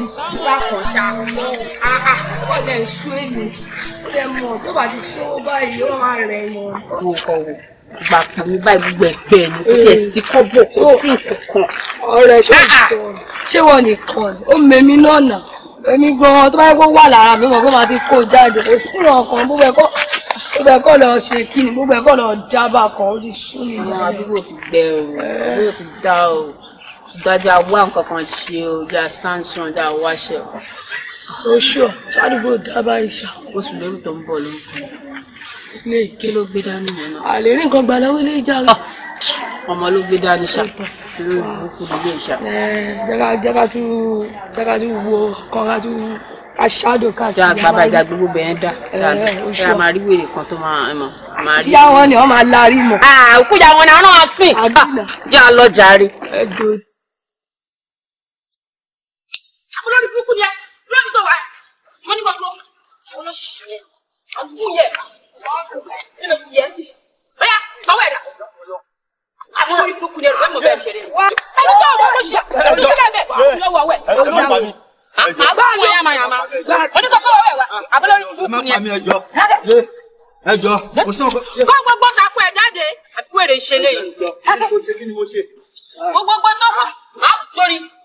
nígbà kan ṣá wà lẹ̀ ń sún ṣe mọ̀ tó bá ti sún ó báyìí yóò máa rẹ̀ yàn. mo gbà pọ̀ mi báyìí gbogbo ẹ̀gbẹ́ mi kò tiẹ̀ sí kọ́bọ̀ kò sí nǹkan kan. ọ̀rẹ́ ṣé wọn nìkan ó mẹ́mí náà èmi gan tó bá yẹ kó wà lára mi mọ̀ kó máa ti kó jáde kò sí ọkàn gbogbo ẹ̀kọ́ gbogbo ẹ̀kọ́ lọ ṣe kí ni gbogbo ẹ̀kọ́ lọ dábàá kan ó ti sún níjà. àdúgbò ti gbẹ o àdúgbò ti dá o dájà wá nǹkan kan ṣe o bí a samson dá a wáṣẹ o. Oh, oṣù sádùúgbò dábàá ìṣà. oṣù lórí tó ń bọ̀ ló ń kọ́. ilé ìké ló gbé dání yẹn náà. àlè rí nǹkan gbà lọ́wọ́ ilé ìjà rẹ̀. Ah, ọmọ ló gbé dání ṣá lórí ìbùkún ilé ìṣá. Eh, jẹ́ka jẹ́ka tún jẹ́ka tún wo kọ́ra tún aṣáájú káàkiri. jáà bàbá ìjà gbogbo bẹ̀yẹn dá eh, jáà oh, máa rí wèrè kan tó máa mọ̀ máa rí. yá wọn ni wọn máa larí mọ. àkúyà ah, wọn ni wọn ah, náà sìn. àdúrà jẹ́ àlọ́ jàre. let's go olórí burúkú ni ẹ lórí tó wà ẹ mo ní kó dúró olóṣì yẹ àbú yẹ nínú sí yẹ bẹ́ẹ̀ gbọ́wọ́ ẹ̀ dà àwọn olórí burúkú ni ẹ lọ́mọ bẹ́ẹ̀ ṣe rẹ̀ ẹni tó wà ló ṣe olùsílẹ̀ bẹ́ẹ̀ lọ́wọ́ wẹ̀ olórí àgbà àwọn yàmà yàmà oníkókó wẹ̀ wá àbẹ́lórí burúkú ni ẹ ẹjọ kò sí ọkọ. kó gbogbo kakú ẹ jáde àbí wèrè ìṣẹ̀lẹ̀ yìí. gbogbo gbogbo tó kù á jórí.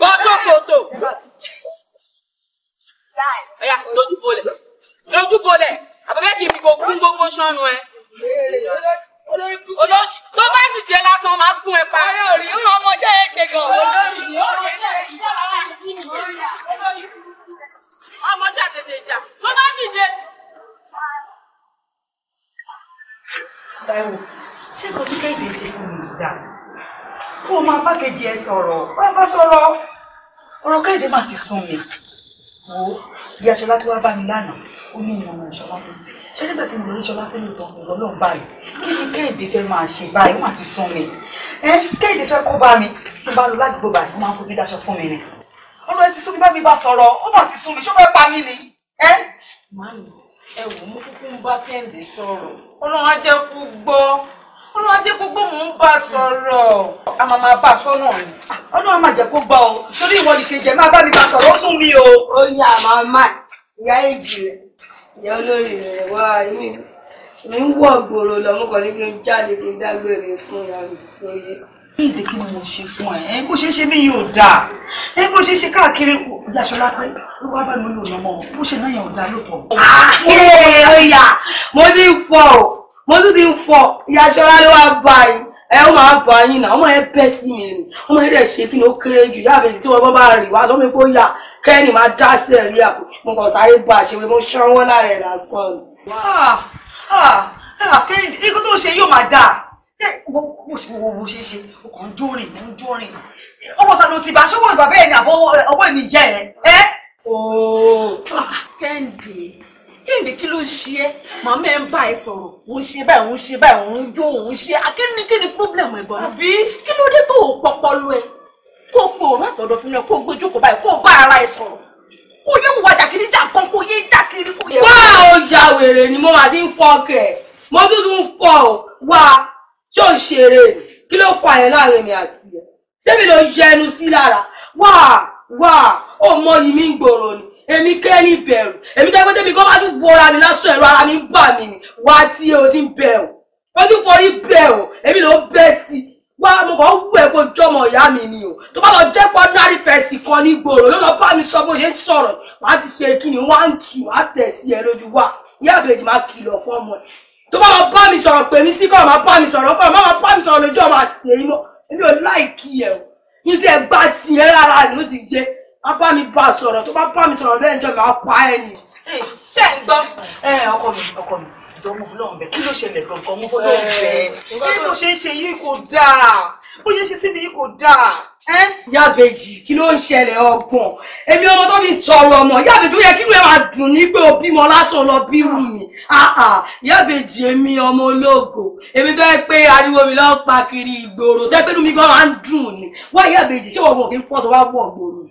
bọ́ ṣòkòtò. ọ̀yà lójú bolẹ̀ lójú bolẹ̀ àbẹ̀bẹ̀ kì í fi gbogbo gbogbo sọ́nu ẹ. olóṣì tó bá dìje lásán máa gún ẹ pa. ìwọ̀n ọmọ ṣe é ṣe gan. ọmọ jà tètè jà tó bá dìje. báwo ṣé kò tí kéde ṣe kò ní í dà? o máa bá kejì ẹ sọ̀rọ̀ wọ́n bá sọ̀rọ̀ ọ̀rọ̀ kẹ́hìndé mà ti sún mi wò ó bí aṣọlá tó wá bá mi lánàá ó ní ìrànwọ́ ìṣọlá fún mi ṣé nígbà tí mo lórí ṣọlá fún mi tán ìwọ náà báyìí kí ni kẹ́hìndé fẹ́ máa ṣe báyìí mà ti sún mi ẹ kẹ́hìndé fẹ́ kó bá mi tí bá lọ ládùúgbò báyìí ó máa ń fojú dáṣọ fún mi ni ọ̀rọ̀ ẹ ti sún mi bá mi bá sọ̀rọ̀ ó mà ti sún mi ṣó fẹ́ pa mí ni màmí ẹ wò ó kúkú ń bá kẹ́hìndé sọ̀rọ̀ ọlọ́run á jẹ́ kú gbọ́ ọlọ́run ajé gbogbo mò ń bá sọ̀rọ̀ a máa máa bá a sọ́nà ni. ọlọ́run máa jẹ́ kó gbọ́ o torí ìwọ ni kejì ẹ̀ máa bá mi bá sọ̀rọ̀ ó sún mi o. ó ní àmọ́ máa ìyá èjì rẹ̀ ìyá olórí rẹ̀ wá inú mi ń wọ̀ gbòòrò lọ́mọkàn níbi jáde kí n dágbére fún ìyá mi lóye ìdè kí ni mo ṣe fún ẹ ẹ bó ṣe ṣe mí yóò dáa ẹ bó ṣe ṣe káàkiri lásọlá pé ó wá bá mi lò lọmọ bó ṣe náà yẹn ò dáa lóòótọ́. àkè ọ̀yà mo ti fọ̀ ọ́ mo tún ti ń fọ ìyá aṣọra ló wá bá yín ẹ ó máa bá yín náà ọmọ yẹn bẹ́ sí mi ni ọmọ yẹn dẹ̀ ṣe kí ni ó kéré jù yá àbẹ̀jì tí wọ́n bá rìn wá sọ́mi kó yà kẹ́ni máa dá sí ẹ̀rí àfọ mo kàn sáré bá a ṣe pé mo ṣanwó lára ẹ̀ lásán ni. Ah, ah, ah, kẹ́hìndé ikú tó ṣe yóò máa dáa bó ṣe wo wo ṣe ṣe ọkàn dúnrin ń dúnrin ọmọ sàlọ ti bá ṣọwọ́ ìbàbẹ́ ẹ̀ ní àbọ̀ ọwọ́ ìmìjẹ́ ẹ̀. kẹ́hìndé kéde kí ló ń ṣe ẹ màmá ẹ ń bá ẹ sọ̀rọ̀ òun ṣe báyìí òun ṣe báyìí òun jó òun ṣe akéwìn ní kéde pírọ́blẹ̀mù ẹ̀gbọ́n náà bí kí ló dé tó pọpọlọ ẹ kó o pe òun àtọ̀dọ̀ fún ẹ kó o gbé jókòó báyìí kó o bá ara ẹ sọ̀rọ̀ kó o yẹ wùwà jàkiri jà kan kó o yẹ jàkiri kó o yẹ. wá o ya wèrè ni mo máa ti ń fọ kẹ mo tún tún fọ wá tí ò ṣeré kí ló pa ẹ láàrin mi àti èmi kẹ́ni bẹ̀rù èmi tẹ́ pé tẹ́mi kọ́ bá tún wọra mi lásán ẹ̀rọ ara mi bà mí ni wá tí o ti ń bẹ̀rù ó ti forí bẹ̀rù èmi ló bẹ́ sí i wá mo kàn wù ẹ́ kó jọmọ ìyá mi ni o tó bá lọ jẹ́ ordinary person kan ní gbòòrò ló lọ bá mi sọ bó ṣe ń sọ̀rọ̀ màá ti ṣe kí ni one two á tẹ̀ sí ẹ lójú wa ní àbèjì máa kìlọ̀ fọ́mọ ẹ̀ tó bá lọ bá mi sọ̀rọ̀ pè mí sí kọ́ máa bá mi sọ̀rọ̀ kọ́ máa bá mi sọ̀rọ̀ lójú ọmọ àṣẹ yìí mọ́ èmi ò láìkí ẹ̀ o ní ti ẹ̀ ti yẹ a bá mi bá a sọ̀rọ̀ tó bá bá mi sọ̀rọ̀ bẹ́ẹ̀ jọ máa pa ẹ̀ ni. ṣé ń gbọ́. ẹ ọkọ mi ọkọ mi ìdánwò ọlọ́run bẹ̀ kí ló ṣẹlẹ̀ gangan mú fọlọ́run bẹ̀ kí mo. ṣe ń ṣe yìí kò dáa bó ṣe ń ṣe síbi yìí kò dáa. yábẹ́jì kí ló ń ṣẹlẹ̀ ọgbọ̀n èmi ọmọ tó fi tọrọ ọmọ yábẹ́jì ó yẹ kí ló máa dùn ní pé òbímọ lásán lọ bí wù mí yábẹ́jì èmi ọmọ ológo èmi tó yẹ pé ariwo mi lọ́ọ́ pa kiri ìgboro tẹ́ pé inú mi gan máa ń dùn ni wá yábẹ́jì ṣé wọ́n wọ̀ kí n fọ́ tó wá wọ̀ gbòòrò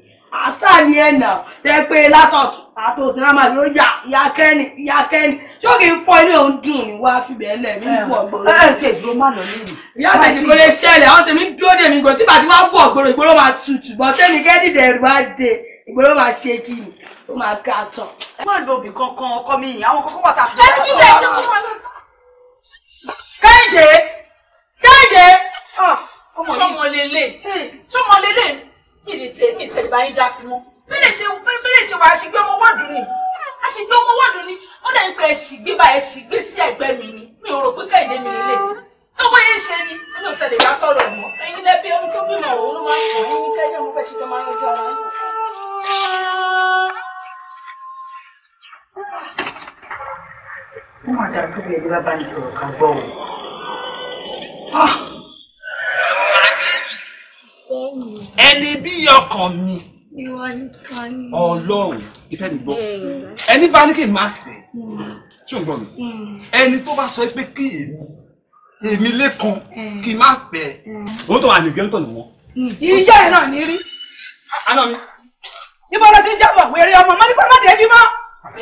àṣà ni ẹ̀ nà tẹ́ pé látọ̀tù àtòsí rámà yóò yà yà kẹ́ni yà kẹ́ni tí ó kì í fọ ilé òun dùn ní wá fìbẹ̀ ẹ̀ lẹ̀ mí fọ gbòòrò. ẹ ẹ tẹ dúró má lọ nínú. ìyá àgbẹ̀jì kò lè ṣẹlẹ̀ àwọn tèmi dúró dè mí gbò tí bàtí wá bọ̀ gbòòrò ìgbòòrò máa tutù bọ̀ tẹ́mi kẹ́ni dẹ̀rù wá dé ìgbòòrò máa ṣe kí ni ó máa ga tán. ẹ má lo òbí kankan ọkọ mi yìí àwọn kókó wà tàbí kẹ́hìndé kẹ́hìndé. sọmọ ah, lélẹ̀ sọmọ lélẹ̀ mi lè tẹ mi tẹlẹ báyìí dá sí mọ bẹlẹ ṣe bẹlẹ ṣe wà àṣìgbé ọmọ wọ́ọ̀dù ni àṣìgbé ọmọ wọ́ọ̀dù ni ó dà ń pẹ ẹṣìgbé bá ẹṣìgbé sí ẹ̀gbẹ́ mi ni mi ò rò pé kẹ́hìndé mi lélẹ̀ tó bóyá ń ṣe ni mi ò tẹlẹ bá sọ̀rọ̀ mọ́ ẹ̀yin lẹbi ohun tó bímọ òun ló máa ń pọ̀ yín mo fẹ́ ṣe tó máa ń yọjú ara yín. wọ́n máa dá tóbi ẹ̀dí bá bá ní sọ̀rọ̀ ká gbọ́ ọ́ ẹni bí ọkàn mi ọlọ́run ìfẹ́ mi gbọ́ hmm. ẹni bá ní kí n máa fẹ́ hmm. ṣó ń gbọ́ mi hmm. ẹni tó bá sọ pé kí èmi èmi lẹ́kan kí n máa fẹ́ òun tó wà ní gbẹ́ntọ̀ ni wọ́n. ìyá ẹ̀ náà ní rí. àná mi. ibo ló ti ń jábọ̀ wèrè ọmọ mọ́ ní kó má débi mọ́.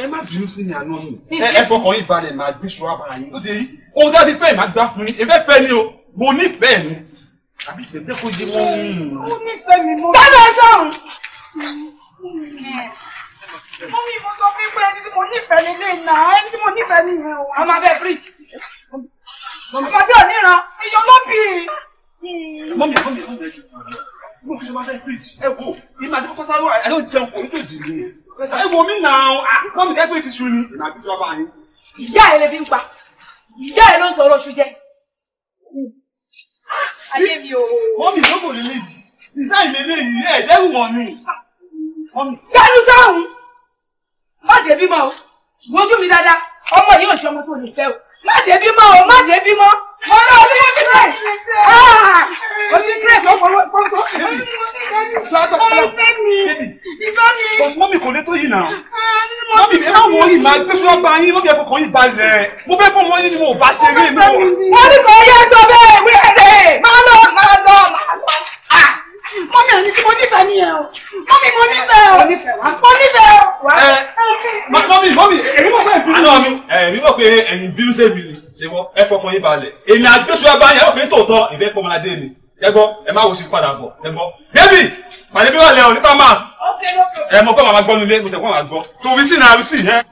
ẹ má bínú sí mi àná mi ẹ fọkàn yín balẹ̀ màá gbé ṣọ́ àbáyé ó ti rí ohun tí a ti fẹ́ màá gbá fún yín ẹ fẹ́ ni o mo nífẹ̀ẹ́ ni àbí bèbè kò di mọ́ mi. ó nífẹ̀ẹ́ mi mọ́. bẹ́ẹ̀ lọ sọ̀rọ̀. mo mi mo sọ fún pé ẹni tí mo nífẹ̀ẹ́ nílé iná ẹni tí a máa bẹ bíríìjì. ọmọ tí ò níran iye olóbì. mọ́mí mọ́mí mọ́mí ẹ̀jú. mo fi ṣe máa bẹ bíríìjì. ẹ wo ìmọ̀ àti kókó sáré ẹ̀ ló jẹun kò ní tó dì mí. ẹ wo mi nà án mọ́mí ẹgbẹ́ ti sun ni. ìyá ẹ̀ lè fi ń pa ìyá ẹ̀ ló ń tọrọ oṣù jẹ ayé mi o. wọ́n mi lóko lélẹ̀ yìí design lélẹ̀ yìí ẹ̀ dẹ́rù wọn ni. gbẹ́nu sáhùn má débí mọ́ o wojú mi dáadáa ọmọ yìí ò ṣe ọmọ tó lè fẹ́ o má débí mọ́ o má débí mọ́ mo lọ sí grace o ah, ti grace o pọlọ pọlọ jọjọ pọlọ mọ́mí kò lè tó yìí náà ah, mọ́mí ẹ má wọ ìmọ̀ agbésọ́gbà yín mọ́mí ẹ fọkàn yín balẹ̀ mo fẹ́ fọmọ yín ni mo bá ṣe eré mi o. wọ́n ní kò yẹ sọ bẹ́ẹ̀ wíwẹ̀rẹ̀ máa lọ máa lọ máa lọ ah, mọ́mí àní mo nífẹ̀ẹ́ ni ẹ o mọ́mí mo nífẹ̀ẹ́ o mo nífẹ̀ẹ́ o. Eh, mọ́mí mọ́mí èmi mọ̀ pé eh, ẹ̀yin bínú sẹ́mi ni ṣébọ ẹ fọkàn yín balẹ̀ èmi àgbésù ẹbá yẹn ọkùnrin tòótọ́ ìfẹ́ pọmọládé ni ẹ gbọ́ ẹ má wo sí padà bọ̀ ẹ gbọ́ bébì pàdé bí wà lẹ ọ nípa máa ẹ mọ kọ́ màmá gbọ́ nílé mo tẹ̀ kọ́ màmá gbọ́ tó wí sí náà wí sí yẹn.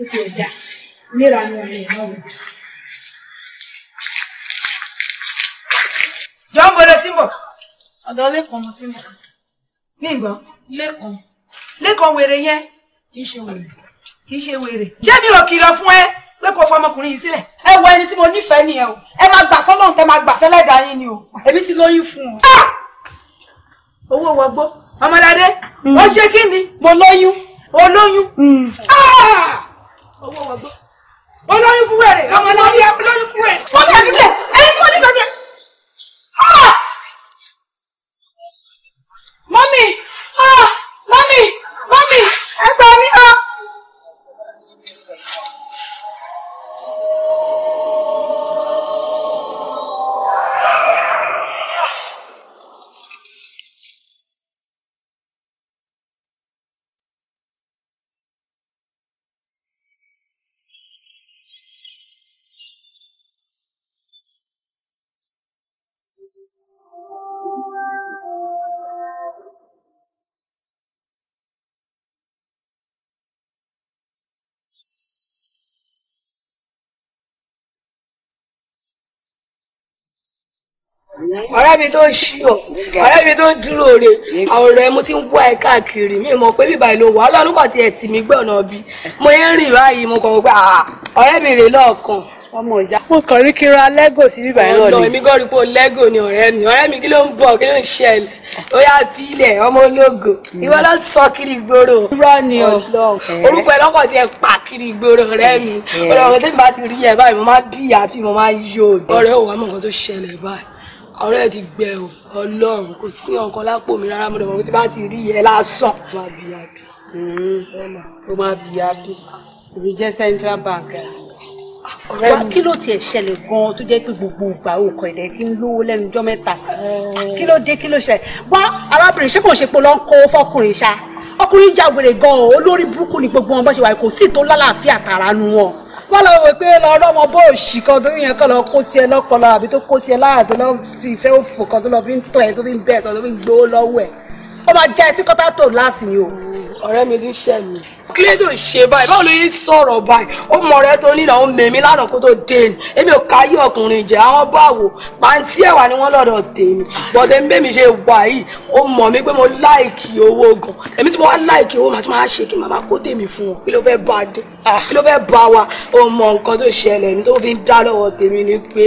ó ti jọ́ ń bolo tí ń bọ̀ ọ̀dọ̀ lẹ́kàn mo sì mọ̀. ní ìgbọ́n lẹ́kàn lẹ́kàn wèrè yẹn kì í ṣe wèrè kì í ṣe wèrè. ṣé mi ò kìlọ̀ fún ẹ pé kò fọmọkùnrin yìí sílẹ̀. ẹ wo ẹni tí mo nífẹ̀ẹ́ nìyẹn o ẹ máa gbà fọlọ́run tẹ máa gbà fẹ́lẹ́dà yín ni o èmi ti lóyún fún o. Ah! owó wọgbó ọmọdádé ó ṣe kí ni. mo lóyún. o lóyún. Hmm. Ah! owó wọgbó o lóyún fún wẹ̀rẹ̀ ọmọdádé o lóyún fún wẹ̀rẹ̀. mo tẹ̀lé ẹ kó nígbà yẹn. ọ̀rẹ́ mi tó ń ṣí ọ̀ ọ̀rẹ́ mi tó ń dúró re àwọn ọ̀rẹ́ mo ti ń wá ẹ káàkiri mi mọ̀ pé bíbá ìlú wà ọlọ́run kàn ti ẹ̀ tì mí gbẹ́ ọ̀nà bí mo ń rìn báyìí mo kàn pé ah, ọ̀rẹ́ mi rè lọ́ọ̀kan. ọmọ ìjà mo kàn rí kíra Lego sí bíbá ìlú ọ̀nà èmi kàn rí pé lẹ́gò ni ọ̀rẹ́ mi ọ̀rẹ́ mi kí ló ń bọ̀ kí ló ń ṣẹlẹ̀ ó yà bílẹ̀ ọmọ ológo ìwọ ló sọ kiri gbòòrò orúkọ ẹ lọkọ tí ẹ pa kiri gbòòrò ọ̀rẹ́ mi ọ̀rẹ́ eh. ọ̀rẹ́ tí mo bá ti rí ẹ báyìí mo máa bí ìyá fi mo máa yọ eh. ọ̀rẹ́ òun àmọ́ nǹkan tó ṣẹlẹ̀ báyìí ọ̀rẹ́ ti gbẹ o ọlọ́run kò sí ọ̀kan lápò mi rárá mo dẹ̀ mọ̀ pé tí bá ti rí yẹ lásán. ó máa bí happy ó máa bí happy èmi jẹ́ central bank ọ̀rẹ́ mi kí ló tiẹ̀ ṣẹlẹ̀ gan-an tó jẹ́ pé gbogbo ìgbà òkò ẹ̀dẹ̀ kí n lówó lẹ́nu ọjọ́ mẹ́ta eh. kí ló dé kí ló ṣẹlẹ̀ wá arábìnrin ṣé kò ṣe pé lọ́n kó fọkùnrin ṣá ọkùnrin jáwèrè gan-an olórí burúkú ni gbogbo wọn bó ṣe wà kò sí tó lálàáfíà tààrà nu wọn wọ́n lọ wò pé lọ rọ́mọ bó òṣì kan tó yẹn kọ́ lọ kó sí ẹ lọ́pọlọ àbí tó kó sí ẹ láyà lọ fi ìfẹ́ òfò kan tó lọ fi ń tọ̀ ẹ tó fi ń bẹ̀ sọ tó fi ń gbowó lọ́wọ́ ẹ̀ ó máa já sí kọ́tà tó láàsì ni o. ọ̀rẹ́ mi ti ń mi. kílódé ò ṣe báyìí báwo ló yẹ sọ̀rọ̀ báyìí ó mọ ọ̀rẹ́ tó nílò ó mẹ̀mí lánàá kó tó dé ni èmi ò káyé ọkùnrin jẹ́ àwọn báwo pàǹtí ẹ̀wà ni wọ́n lọ́dọ̀ tèmi bọ̀dẹ̀ ń bẹ́mi ṣe wà yìí ó mọ̀ mí pé mo láìkì owó gan èmi tí mo wá láìkì owó màá tún máa ṣe kí màmá kó tèmi fún wọn kí ló fẹ́ bá a dé kí ló fẹ́ bá wa ọmọ nǹkan tó ṣẹlẹ̀ ní tó fi ń dá lọ́wọ́ tèmi ni pé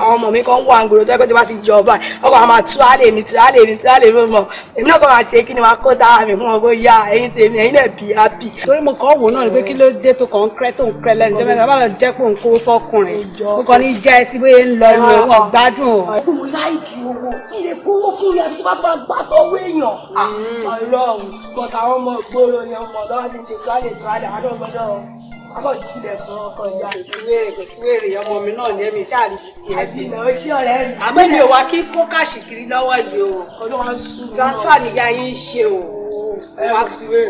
àwọn ọmọ mi kan wà ń gbòòrò tẹ́kọ̀ tí wọ́n ti yọ ọba ọkọ̀ àwọn máa tú àlè mi tú àlè mi tú àlè mi mọ̀ èmi náà kàn máa ṣe kí ni wàá kó tára mi fún ọgbó yá ẹ̀yin tèmi ẹ̀yin náà bí happy. torí mo kàn wò náà ni pé kí ló dé tó kàn ń krẹ́ tó ń krẹ́ lẹ́nu jẹ́ pò ń kó fọkùnrin mo kàn akọ̀jùlẹ̀ fún ọkọ̀ ìyá. kò sí wèrè kò sí wèrè ọmọ mi náà ní ẹ̀mí ṣáà rí ti tiẹ̀ sí. àbí ìlọ iṣẹ́ ọ̀rẹ́ mi. àmọ́ mi ò wá kí kó káàṣì kiri lọ́wọ́ yìí o. ọlọ́run nìyá yín ṣe o.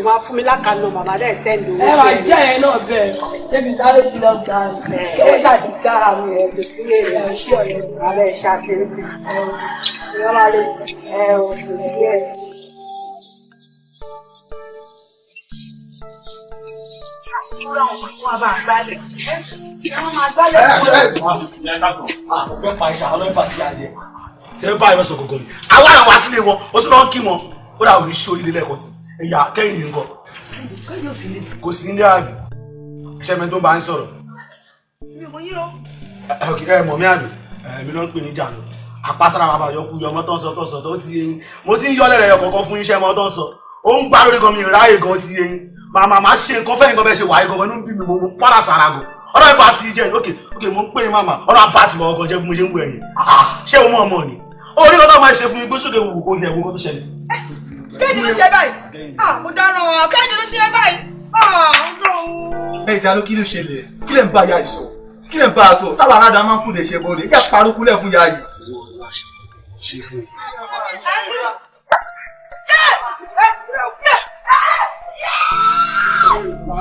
wàá fún mi lákàánú màmá dẹ́ send owó sí ẹ. ẹ máa jẹ́ ẹ náà bẹ́ẹ̀ ṣébi sáré ti lọ gbà mí. ṣé ó ṣàdí kára mi ẹ̀ kò sí wèrè ọ̀ṣẹ́ ọ̀rẹ́ mi. àbẹ̀ ṣàfihàn sí i. ẹ kúrò àwọn wọ́n sọ gọgọ yìí. àwa àwọn wá wọn ó tún lọ kí wọn ó dà òní ṣó ilé lẹ́ẹ̀kan sí ẹ̀yà kẹ́yìn ní nǹkan. kò sí nílé àgbẹ̀ ṣẹ́mi tó bá ń sọ̀rọ̀. ẹ mọ̀ mí àbí ló ń pè ní jàǹdù àpására bàbá yọkú yọmọ tó ń sọ tó ń sọ tó ti yé yín mo ti ń yọ lẹ́rẹ̀ẹ́ ọ̀kọ̀ọ̀kan fún iṣẹ́ mọ́ tó ń sọ ó ń gbá lórí kan mi ráàyè màmá má ṣe nǹkan fẹ́ẹ́ nǹkan bẹ́ẹ̀ ṣe wàá igan ẹnu ń bí mi mo para sara gan ọ̀rọ̀ ìbá sí jẹ́ ok ok mo ń pè yín màmá ọ̀rọ̀ àbá sí màmá ọkọ̀ jẹ́ bí mo ṣe ń wẹ̀ yẹn ah, ah, ṣé o mọ̀ ọmọ ni orí ọ̀dọ́ máa ṣe fún igbó sókè wù kó yẹ wo kó tó ṣẹlẹ̀. kéde ló ṣe báyìí ah, mo dáràn ọ kéde ló ṣe báyìí ẹ ìdáná kí ló ṣẹlẹ̀ kí lè ń bá ya ìsọ kí lè ń a sọ táwọn aráàlú máa ń fún ìdè ṣe bọ́ọ̀dẹ kí ẹ parọ́ kúlẹ̀ fún ya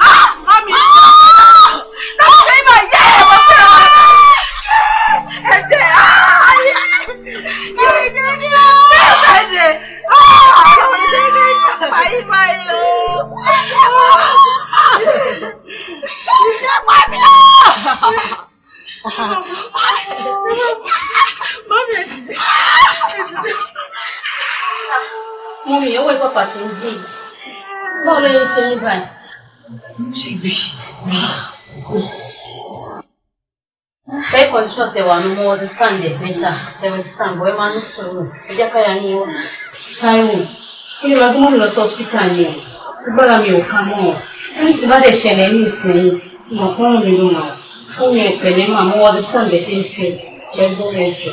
啊！báwo pàpà ṣe ń jí èyí báwo ló ṣe ń báyìí. ṣe bí fẹ́ kọ́ńtíṣọ́ tẹ wà ní mo understand ẹ̀ mẹ́ta tẹ understand bọ́ ẹ máa ń sọ̀rọ̀ ẹ jẹ́ káyà ní wọn. Táíwò kí ni wàá gbọ́n lọ sí hospital ni ẹ̀ gbọ́dọ̀ mi ò ká mọ́ ọ ní ti bá dẹ̀ ṣẹlẹ̀ ní ìsinyìí mọ̀ kọ́rọ̀ mi ló mọ̀ fún mi ẹ̀pẹ̀lẹ́ mọ́ àmọ́ understand ẹ̀ ṣe ń fi ẹgbẹ́ rẹ̀ jọ.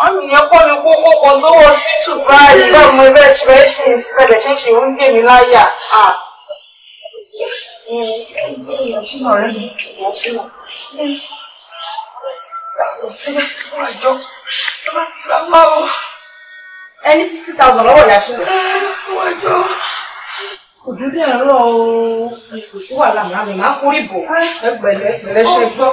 mọ́mí yẹn kọ́ mi kó kókó sówó hospital báyìí bẹ́ẹ̀ mo bẹ́ẹ̀ ti bẹ́ẹ̀ ṣe bẹ́ẹ̀ ṣe ń ṣe ń dè mí láyà. ẹni sixty thousand lọ́wọ́ ìyá ṣe lọ. òdú bí ẹ̀ ń rọ kò sí wàhálà màá mi máa kórìbò ẹgbẹ̀lẹ́ ẹgbẹ̀lẹ́ ṣe gbọ́.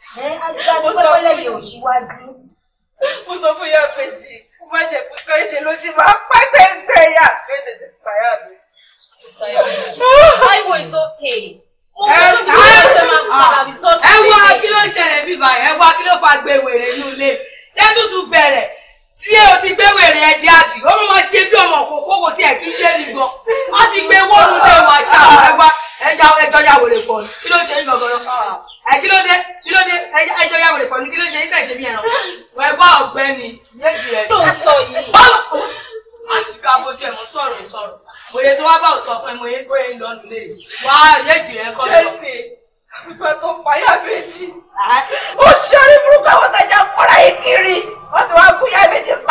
ẹ agbára pẹ́pẹ́lẹ́ yìí mo sọ fún yàrá méjì kó má jẹ pé kẹ́hìndé ló ṣe máa pẹ́ tẹ́ǹtẹ́ yà kẹ́hìndé ti pààyà mi. Táíwò is Ẹ wá kí ló ń ṣẹlẹ̀ bí báyìí? Ẹ wá kí ló fa gbé ní ilé? Ṣé tútù bẹ̀rẹ̀? Tí o ti gbé ẹ̀dí àbí, ó máa ṣe bí ọmọ òkòkò kò tiẹ̀ kí lé mi gan. Wọ́n ti gbé wọ́ọ̀lù lé wa ṣáà ẹ̀jọ̀ ya wèrè pọ̀. Kí ló ṣe é gangan lọ? Ah ẹ kí ló dé kí ló dé ẹjọ yà wọlé pọnú kí ló ṣe yín tẹ̀sí ẹ̀rọ. wẹ́ẹ́ bá ọ̀gbẹ́ni méjì ẹ̀. tó sọ yìí. bọ́lá má ti ká bójú ẹ̀ mọ́ sọ̀rọ̀ sọ̀rọ̀ mòye tó wá bá òsọ fún ẹ mòye tó yẹ lọ nílé yìí wá méjì ẹ kọ́ lọ. ìgbà tó payá méjì ó ṣe orí burúkú àwọn tajà kọ́ra yìí kiri wọ́n ti wá gbé yá méjì p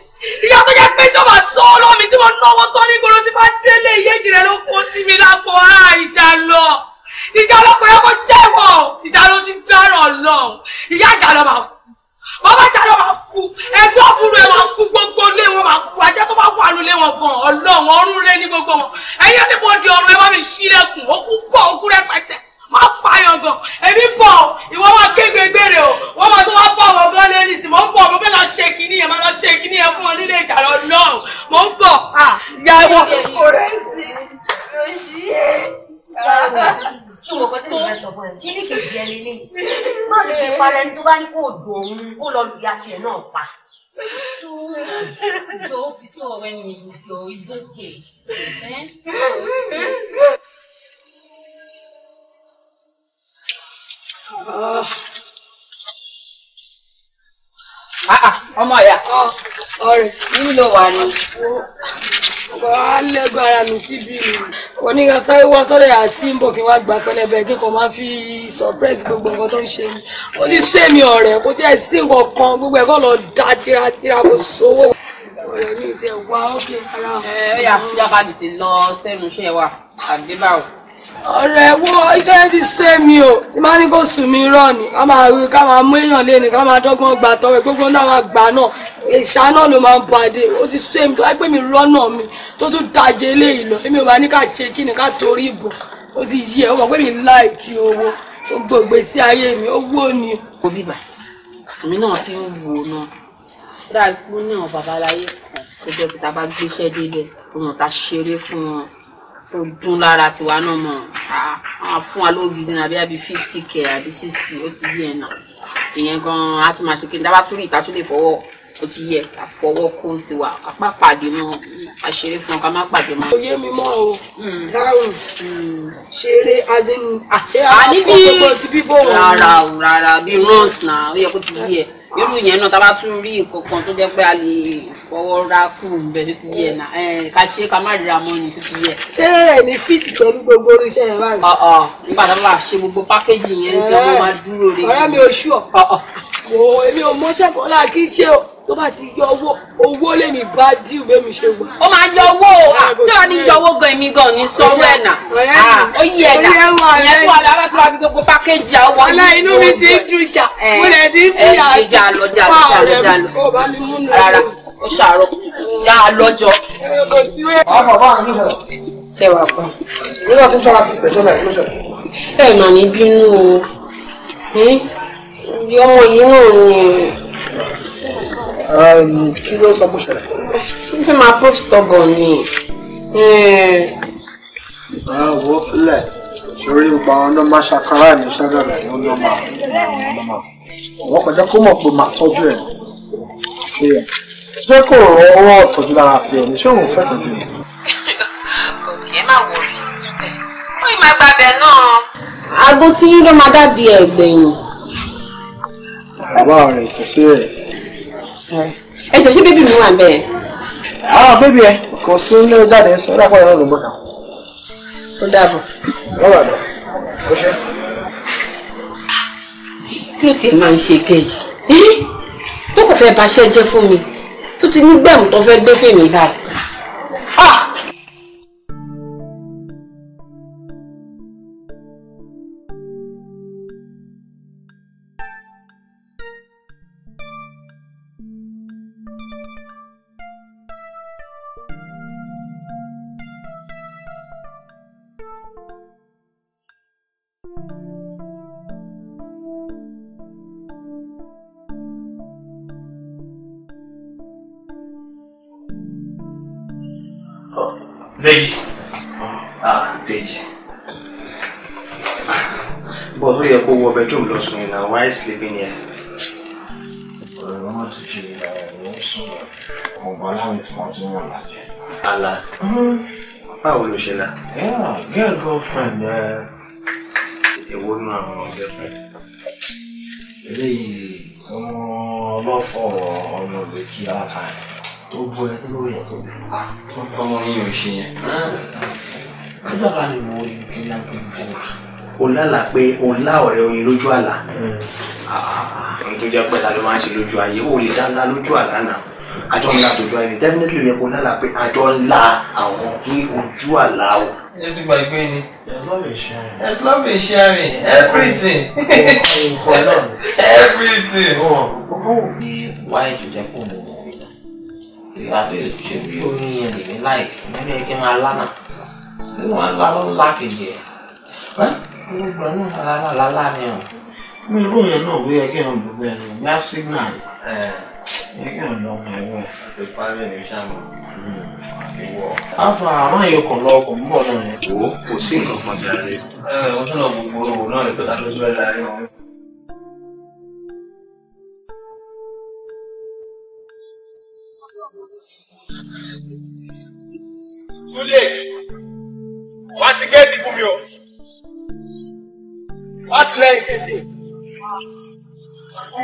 ìyá tó jẹ́ pé tí ó máa sọ ọ́ tí mo náwó tán ní gbòòrò tí bá délé ìyéjì rẹ̀ ló kó sí mi lápò ara ìjà lọ ìjà ọlọ́pàá yẹn kó jẹ́wọ́ ìjà ló ti fẹ́ràn lọ ìyá ìjà lọ máa kú bàbá ìjà lọ máa kú ẹgbẹ́ òbúrò ẹ̀ máa kú gbogbo ilé wọn máa kú ajá tó bá wà lù lé wọn gan ọlọ́run ọrùn rẹ ní gbogbo wọn ẹ̀yẹ́ ní mo di ọrùn ẹ bá mi ṣílẹ̀kùn ó kú pọ̀ ó kú má pààyàn gan èmi bọ̀ ìwọ máa gé jáwọ́. ọ̀rẹ́ sí i òṣì. ṣé wọ́n kọ́ má mi lè parẹ́ tó bá ní kó dùn òun kó lọ lu ìyá tiẹ̀ náà pa. jọ ó ti tó ọ̀rẹ́ mi jọ ìzókè. ọmọ ìyá ọ̀rẹ́ nílò wà ní alẹ́gbàrà mi síbi onígasáré wá sọ́dọ̀ àti ń bọ̀ kí n wá gbà pẹlẹbẹ kí n kò máa fi surprise gbogbo nǹkan tó ń ṣe mi ó ti sọ èmi ọ̀rẹ́ kò tí ẹ̀ sí nǹkan kan gbogbo ẹ̀ kọ́ lọ da tiratira kò sówó. ọ̀rẹ́ mi ti ẹ̀ wá ókè ara. ẹ ẹ yà kújà ká tètè lọ sẹ́nu iṣẹ́ wa àgbébáwò ọ̀rẹ́ wo iṣẹ́ ti ṣe mi o tí máa ní kó sùn mí rọ̀ ni ká máa rí ká máa mú èèyàn lé ni ká máa dọ́gbọ́n gbà tọrẹ gbogbo náà máa gbà náà ìṣá náà ló máa ń bọ adé ó ti ṣe mi tó wáyé pé mi rọ́nà mi tó tún dajé eléyìí lọ èmi ò bá ní ká ṣe kí ni ká torí ìbò ó ti yẹ ó mọ̀ pé mi láìkí owó ó gbogbo sí ayé mi ó wó ni. kò bíbà èmi náà ti ń wò ó náà kódà ikú náà babaláyé kan jẹ́ kò dún lára tiwa náà mọ̀ àwọn fún wa ló gidi náà bí àbí fifty k àbí sixty ó ti yẹ náà ìyẹn gan-an á tún máa ṣe kí n dábàá tún rí ìta tún lè fọwọ́ ó ti yẹ àfọwọ́ kó tiwa apá pàdé mọ́ àṣeré fún ọ má pàdé mọ́. oyè mi mọ o dáhùn hmm. hmm. ṣeré azinu àṣẹ àwọn ọkọ gbogbo ti bíbó òun. rárá o rárá bí rose náà ó yẹ kó ti yẹ irú yẹn náà tá a bá tún rí nǹkan kan tó jẹ́ pé a lè fọwọ́ ra kúrò níbẹ̀ tó ti yẹ náà ká ṣe ká má rira mọ́ ni tó ti yẹ. ṣé ẹ fíìtì pẹ̀lú gbogbo oríṣẹ́ yẹn báyìí. ọ̀ọ̀ nígbà tó bá ṣe gbogbo pákéjì yẹn ní sẹ́ máa dúró rẹ̀. ọ̀rẹ́ mi ò ṣù ọ̀. ọ̀ọ̀ èmi ò mọ́ṣẹ́ kọ́lá kí ṣe o tó bá ti yọ owó owó lèmi bá díù bẹ́mi ṣe wà. ó máa yọ owó o ah, tí wọ́n ní yọ owó gan èmi gan ní sọ́wọ́ ẹ̀ nà ah, ó yí ẹ̀ nà ìyẹn fún ọ̀dà bá tí wọ́n fi gbogbo pákéjì àwọn yìí. ọ̀la inú mi ti ń dùn jà eh, mo lè ti ń dùn jà jà lọ jà lọ jà lọ rárá ó ṣàárọ̀ jà lọ́jọ́. ọmọ bá mi lọ ṣe wà pa. nígbà tó sọ láti pẹ̀jọ́ náà ló ẹ mà ní bínú o ọmọ yìí náà ni. Um, kí ló sọ bó ṣẹlẹ̀. kí n fi máa proof stubborn ni. Eh. àwọn filẹ̀ sórí gbogbo àwọn ọdún máa ṣàkárà ní ṣẹ́gbẹ̀rẹ̀ ní ọdún máa wọ́n kọjá kó mọ̀ pé màá tọ́jú ẹ̀ ṣé kò rọ ọwọ́ tọ́jú lára tiẹ̀ ní ṣé òun fẹ́ tọ́jú ẹ̀. òkè má wọrí ó ì máa gbàbẹ̀ náà. agbo tí yín ló máa dá di ẹ̀gbẹ̀yìn. bàbá rẹ̀ kò sí rẹ̀ ẹ jọ ṣé bébì mi wà bẹ́ẹ̀. àwọn ah, bébì ẹ kò sí ilé jáde sọ dàpọ̀ ẹ̀rọ ló gbọ́dọ̀. ó dàbọ̀. lọ́wọ́ àdó ó ṣe. kí ló tiẹ̀ máa ń ṣe gẹ̀yì tó kò fẹ́ baṣẹ́ jẹ́ fún mi tó ti ní gbẹ̀mù tó fẹ́ gbé fèmí báyìí. Ah! Deji. Ah, Deji. But who you kó wọ bedroom lọ sùn yìí náà, why sleeping here? Ọ̀rọ̀ wọn ti jù ìlà ẹ̀rọ sọ̀rọ̀, ọ̀gbọ́n aláwọ̀ ìfọ̀n tí wọ́n là jẹ. Àlà. Báwo ló ṣe là? Girl girlfriend ẹ. Èwo nù àwọn girlfriend? Eléyìí, ọmọ ọlọ́fọ̀ ọmọ òbí kí á ta ẹ̀ gbogbo ẹ ló yẹ kó ọmọ yìí ò ṣe yẹn. ọjọ́ kan ni mo rí ìlà tó ń wa. o lálà pé o lá ọ̀rẹ́ oyin lójú àlá. Hmm. Ah, ohun tó jẹ́ pé ta ló máa ń ṣe lójú ayé o lè dá ńlá lójú àlá náà àjọ ńlá tòjú ayé definitely yẹ kó lálà pé àjọ ńlá àwọn ní ojú àlá o. ẹ ti gba ìgbé ni. it's love and sharing everything. everything. ọ̀hún bí wáyé jù jẹ́ kó mọ̀ ìyá tó yẹ ṣe bí oyin yẹn lè ní láìkì níbi ẹgbẹ́ máa lánà nínú wọn lọ ló ń lá kejì ẹ̀ ẹ́ gbogbo ẹ̀ náà lálá lálá ni ọ̀ mi irú yẹn náà wí ẹgbẹ́ yẹn gbogbo ẹ̀ ní bá sígínà ẹ̀ ẹgbẹ́ yẹn lọ ọmọ ẹ̀wọ̀. ìpàdé ní sàmù afa àwọn ìyókùn lọ ọkùn ń bọ̀ náà ni. wo kò sí nǹkan kan jáde. ẹ ọdún náà gbogbo òun náà ní pẹ̀lú àdójú ẹ̀ láàrin wọn. Túndé, wá ti gẹ́ẹ̀tì fún mi o. Wá ti lẹ́yìn sísè.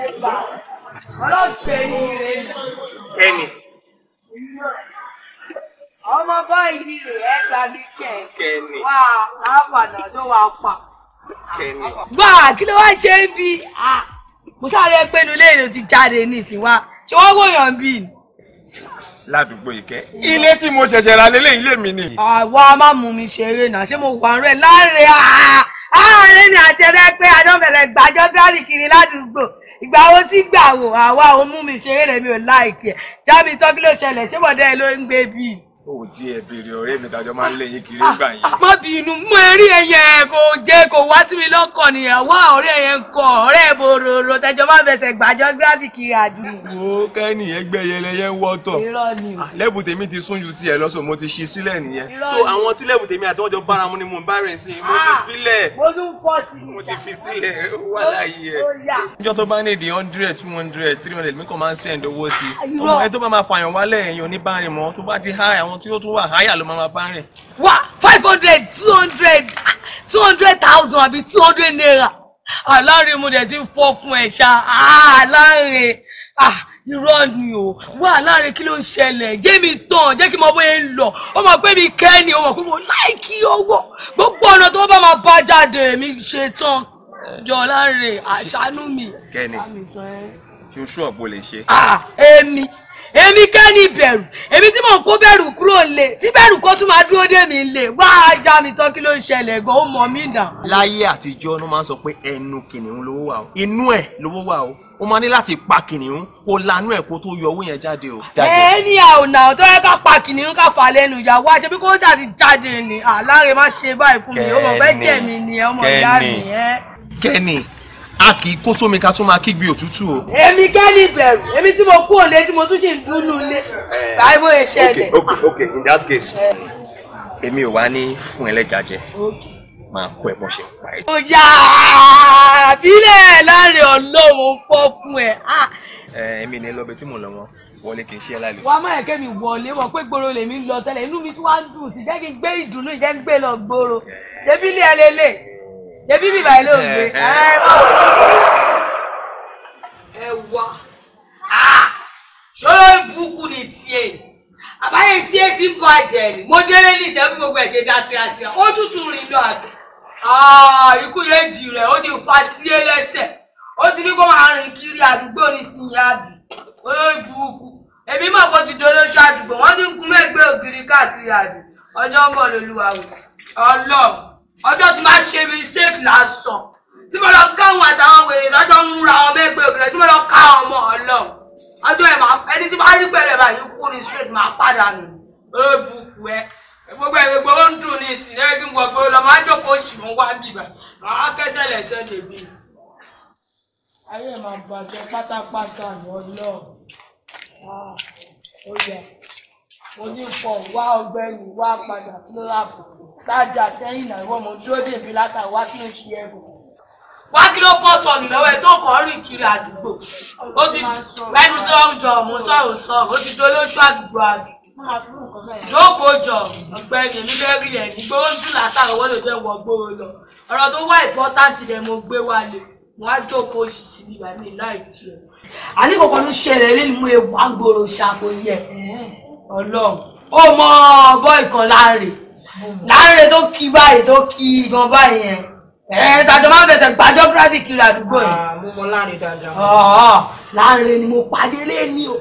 Ẹ̀bà ọlọ́gbẹ̀yìn rẹ̀ náà. Bẹ́ẹ̀ni. Ọmọ báyìí rẹ̀ ẹ́ gba ní kẹ̀kẹ́. Wá àbànà ló wá pa. Gbà kí ló wá ṣe ń bi? Mo sáré pẹ́nu léèrè ti jáde nísìnyí wá. Ṣé wọ́n wòyàn bíi? ládùúgbò ìkẹ́. ilé tí mo ṣẹ̀ṣẹ̀ ra lélẹ̀ ilé mi ni. àwa máa mú mi ṣeré náà ṣé mo wà rẹ láre àárẹ̀ ni àti ẹgbẹ́ pé àjọbẹ̀rẹ̀ gbàjọ́ gírárì kiri ládùúgbò ìgbà wo tí gbà wò àwa ò mú mi ṣeré rẹ̀ mi ò láìkẹ́ jábìtọ́ kí ló ṣẹlẹ̀ ṣé bọ̀dẹ́ ló ń gbé bíi o ti ẹ béèrè ọ̀rẹ́ mi tàjọ máa ń lẹ́yìn kiri ah, nígbà yẹn. má bínú mú eré ẹyẹ kò jẹ kò wá sí mi lọ́kàn nìyàwó ọ̀rẹ́ yẹn ń kọ ọ̀rẹ́ bòròrò tẹjọ máa fẹsẹ̀ gbàjọ gíráfìkì àdúgbò. wo kẹ́ni ẹgbẹ́ yẹlẹyẹ ń wọ́tọ̀ ah, lẹ́bù tèmi ti sún ju tiẹ̀ lọ́sọ̀ mo ti ṣí sílẹ̀ nìyẹn. so àwọn tí lẹ́bù tèmi àti wọ́n jọ bára mu ni mo ń bá rẹ̀ sí i mo ti ah, filẹ̀ mo ti fi sílẹ̀ wà láyé ẹ̀. ìjọ tó bá hundred two hundred three hundred mi kàn máa ń send owó sí i ọmọ ẹ tó bá máa fààyàn ti há àwọn tí ó tún wà háyà ló máa bá rìn. wá five hundred two hundred two hundred thousand àbí two hundred naira aláàrẹ mo dẹ̀ ti fọ́ fún ẹ̀ ṣá aláàrẹ ah, ah, irọ́ ni o wá aláàrẹ kí ló ń ṣẹlẹ̀ jẹ́ mi tàn jẹ́ kí n mọ bóyá ń lọ ó máa pé mi kẹ́ni ó máa pé mo láìkí owó gbogbo ọ̀nà tó bá máa bá jáde mi ṣe tán jọ láàrẹ àṣánú mi. kẹ́ni kí n ṣú ọ̀pọ̀ lè ṣe. Ah, èmi èmi kẹ́ni bẹ̀rù èmi tí mò ń kó bẹ̀rù kúrò lé tí bẹ̀rù kó tún máa dúró dé mi lé wá ajá mi tán kí ló ń ṣẹlẹ̀ gan ó mọ̀ mí dà. láyé àtijọ́ ló máa ń sọ pé ẹnu kìnìún lówó wà o inú ẹ̀ lówó wà o ó máa ní láti pa kìnìún kó lanú ẹ̀ kó tó yọ owó yẹn jáde o. ẹni àwòrán tó yẹ ká pa kìnìún ká fà lẹ́nu ìyàwó àti bí kò tà jáde ni àlárè má ṣe báyìí fún mi ó mọ̀ fẹ́ jẹ̀ mi ni ọmọ ìyá mi ẹ́. kẹ́ni a kì í kó sómi ká tún máa kígbe òtútù o. èmi kẹ́ni bẹ̀rù èmi tí mo kú òlé tí mo tún ṣì ń dúnú ilé báyìí mo ṣẹlẹ̀. ok ok ok in that case eh. èmi ò wá ní fún ẹlẹ́jà jẹ máa kó ẹ̀bọ̀n ṣe pa ẹ̀. ọ̀yà àbílẹ̀ láre ọlọ́run fọ́ fún ẹ̀. Ah. Eh, èmi ni lọ́bẹ̀ tí mò ń lọ wọn wọlé kì í ṣe lálẹ́. wàá má ẹ̀kẹ́ mi wọlé wọ pé gbòòrò lèmi lọ tẹ́lẹ̀ inú mi tí wàá dùn sí jẹ́ kí n gbé ìdùnnú ìjẹ́ gbé lọ gbòòrò débílẹ̀ eh. ẹlẹ́lẹ́ ṣe bíbí báyìí ló ń gbé ẹ wá ah! ṣọlọ ìbùkù ni tiẹ̀ àbáyé tiẹ̀ ti ń bàjẹ́ ni mo délé ní ìtẹ́wé gbogbo ẹ̀jẹ̀ dá tíátíá ó tútù rìn lọ àdó ah, ikú yẹn jì rẹ̀ ó ti fa tiẹ̀ lẹ́sẹ̀ ó ti ní kó máa rìn kiri àdúgbò ní sinmi àbí ṣọlọ ìbùkù èmi mọ̀ kó ti dolóṣù àdúgbò wọ́n ti ń kú mẹ́gbẹ́ ògiri káàkiri àbí ọjọ́ ń bọ̀ lóluwàwò ọlọ́run ọjọ́ tí máa ṣe mistake lásán tí mo lọ káwọn àtàwọn wèrè lọ́jọ́ ń ra ọmọ ẹgbẹ́ obìnrin tí mo lọ ká ọmọ ọlọ́run ọjọ́ ẹ̀ máa ẹni tí máa rí pẹ̀lẹ́ báyìí kú ní straight máa padà nù olóbùkù ẹ gbogbo ẹ̀ gbogbo ń dùn ní ìsìn lẹ́yìn kí n gbọ́ pé lọ máa jókòó sì mú wá bìbà máa kẹ́sẹ̀ lẹ́sẹ̀ lèbi. ayé máa bàjẹ́ pátápátá ah, ní ọlọ́run ó yẹ onífọ̀ wá ọgbẹ́ni wá padà tó láàbùkù tájà sẹ́yìn náà ìwọ mo dúró dè mí látàrí wá kí ló ṣe ẹ̀bùn. wá kí ló bọ́ sọnù lọ́wọ́ ẹ̀ tó kọ́ rìn kiri àdúgbò ó ti lẹ́nu tí wọ́n jọ mú sọ̀rọ̀ sọ̀rọ̀ ó ti dolóṣù àdúgbò àdúgbò. jókòó jọ ọ̀gbẹ́ni mi lẹ́rìí ẹ̀ ní gbówó jù látàrí owó ló jẹ́ wọ gbówó lọ ọ̀rọ̀ tó wá ìpọ́táǹtì rẹ̀ mo gbé wálé wọ́n á jókòó òṣìṣì ní ìgbà mi láì jù ẹ̀. àní ló ṣẹlẹ̀ lé mú ewu àgbòrò ṣàkóyẹ ọlọ́run ó mọ ọ̀bọ ìkànlá rèé láàrin tó kí báyìí tó kí gan báyìí yẹn ẹ tàjọ máa ń fẹsẹ̀ gbàjọ́ gíráfì kiri àdúgbò yẹn. Ah, mo mọ láàrin dáadáa. ọ̀ọ́ láàrin ni mo pàdé lẹ́ni o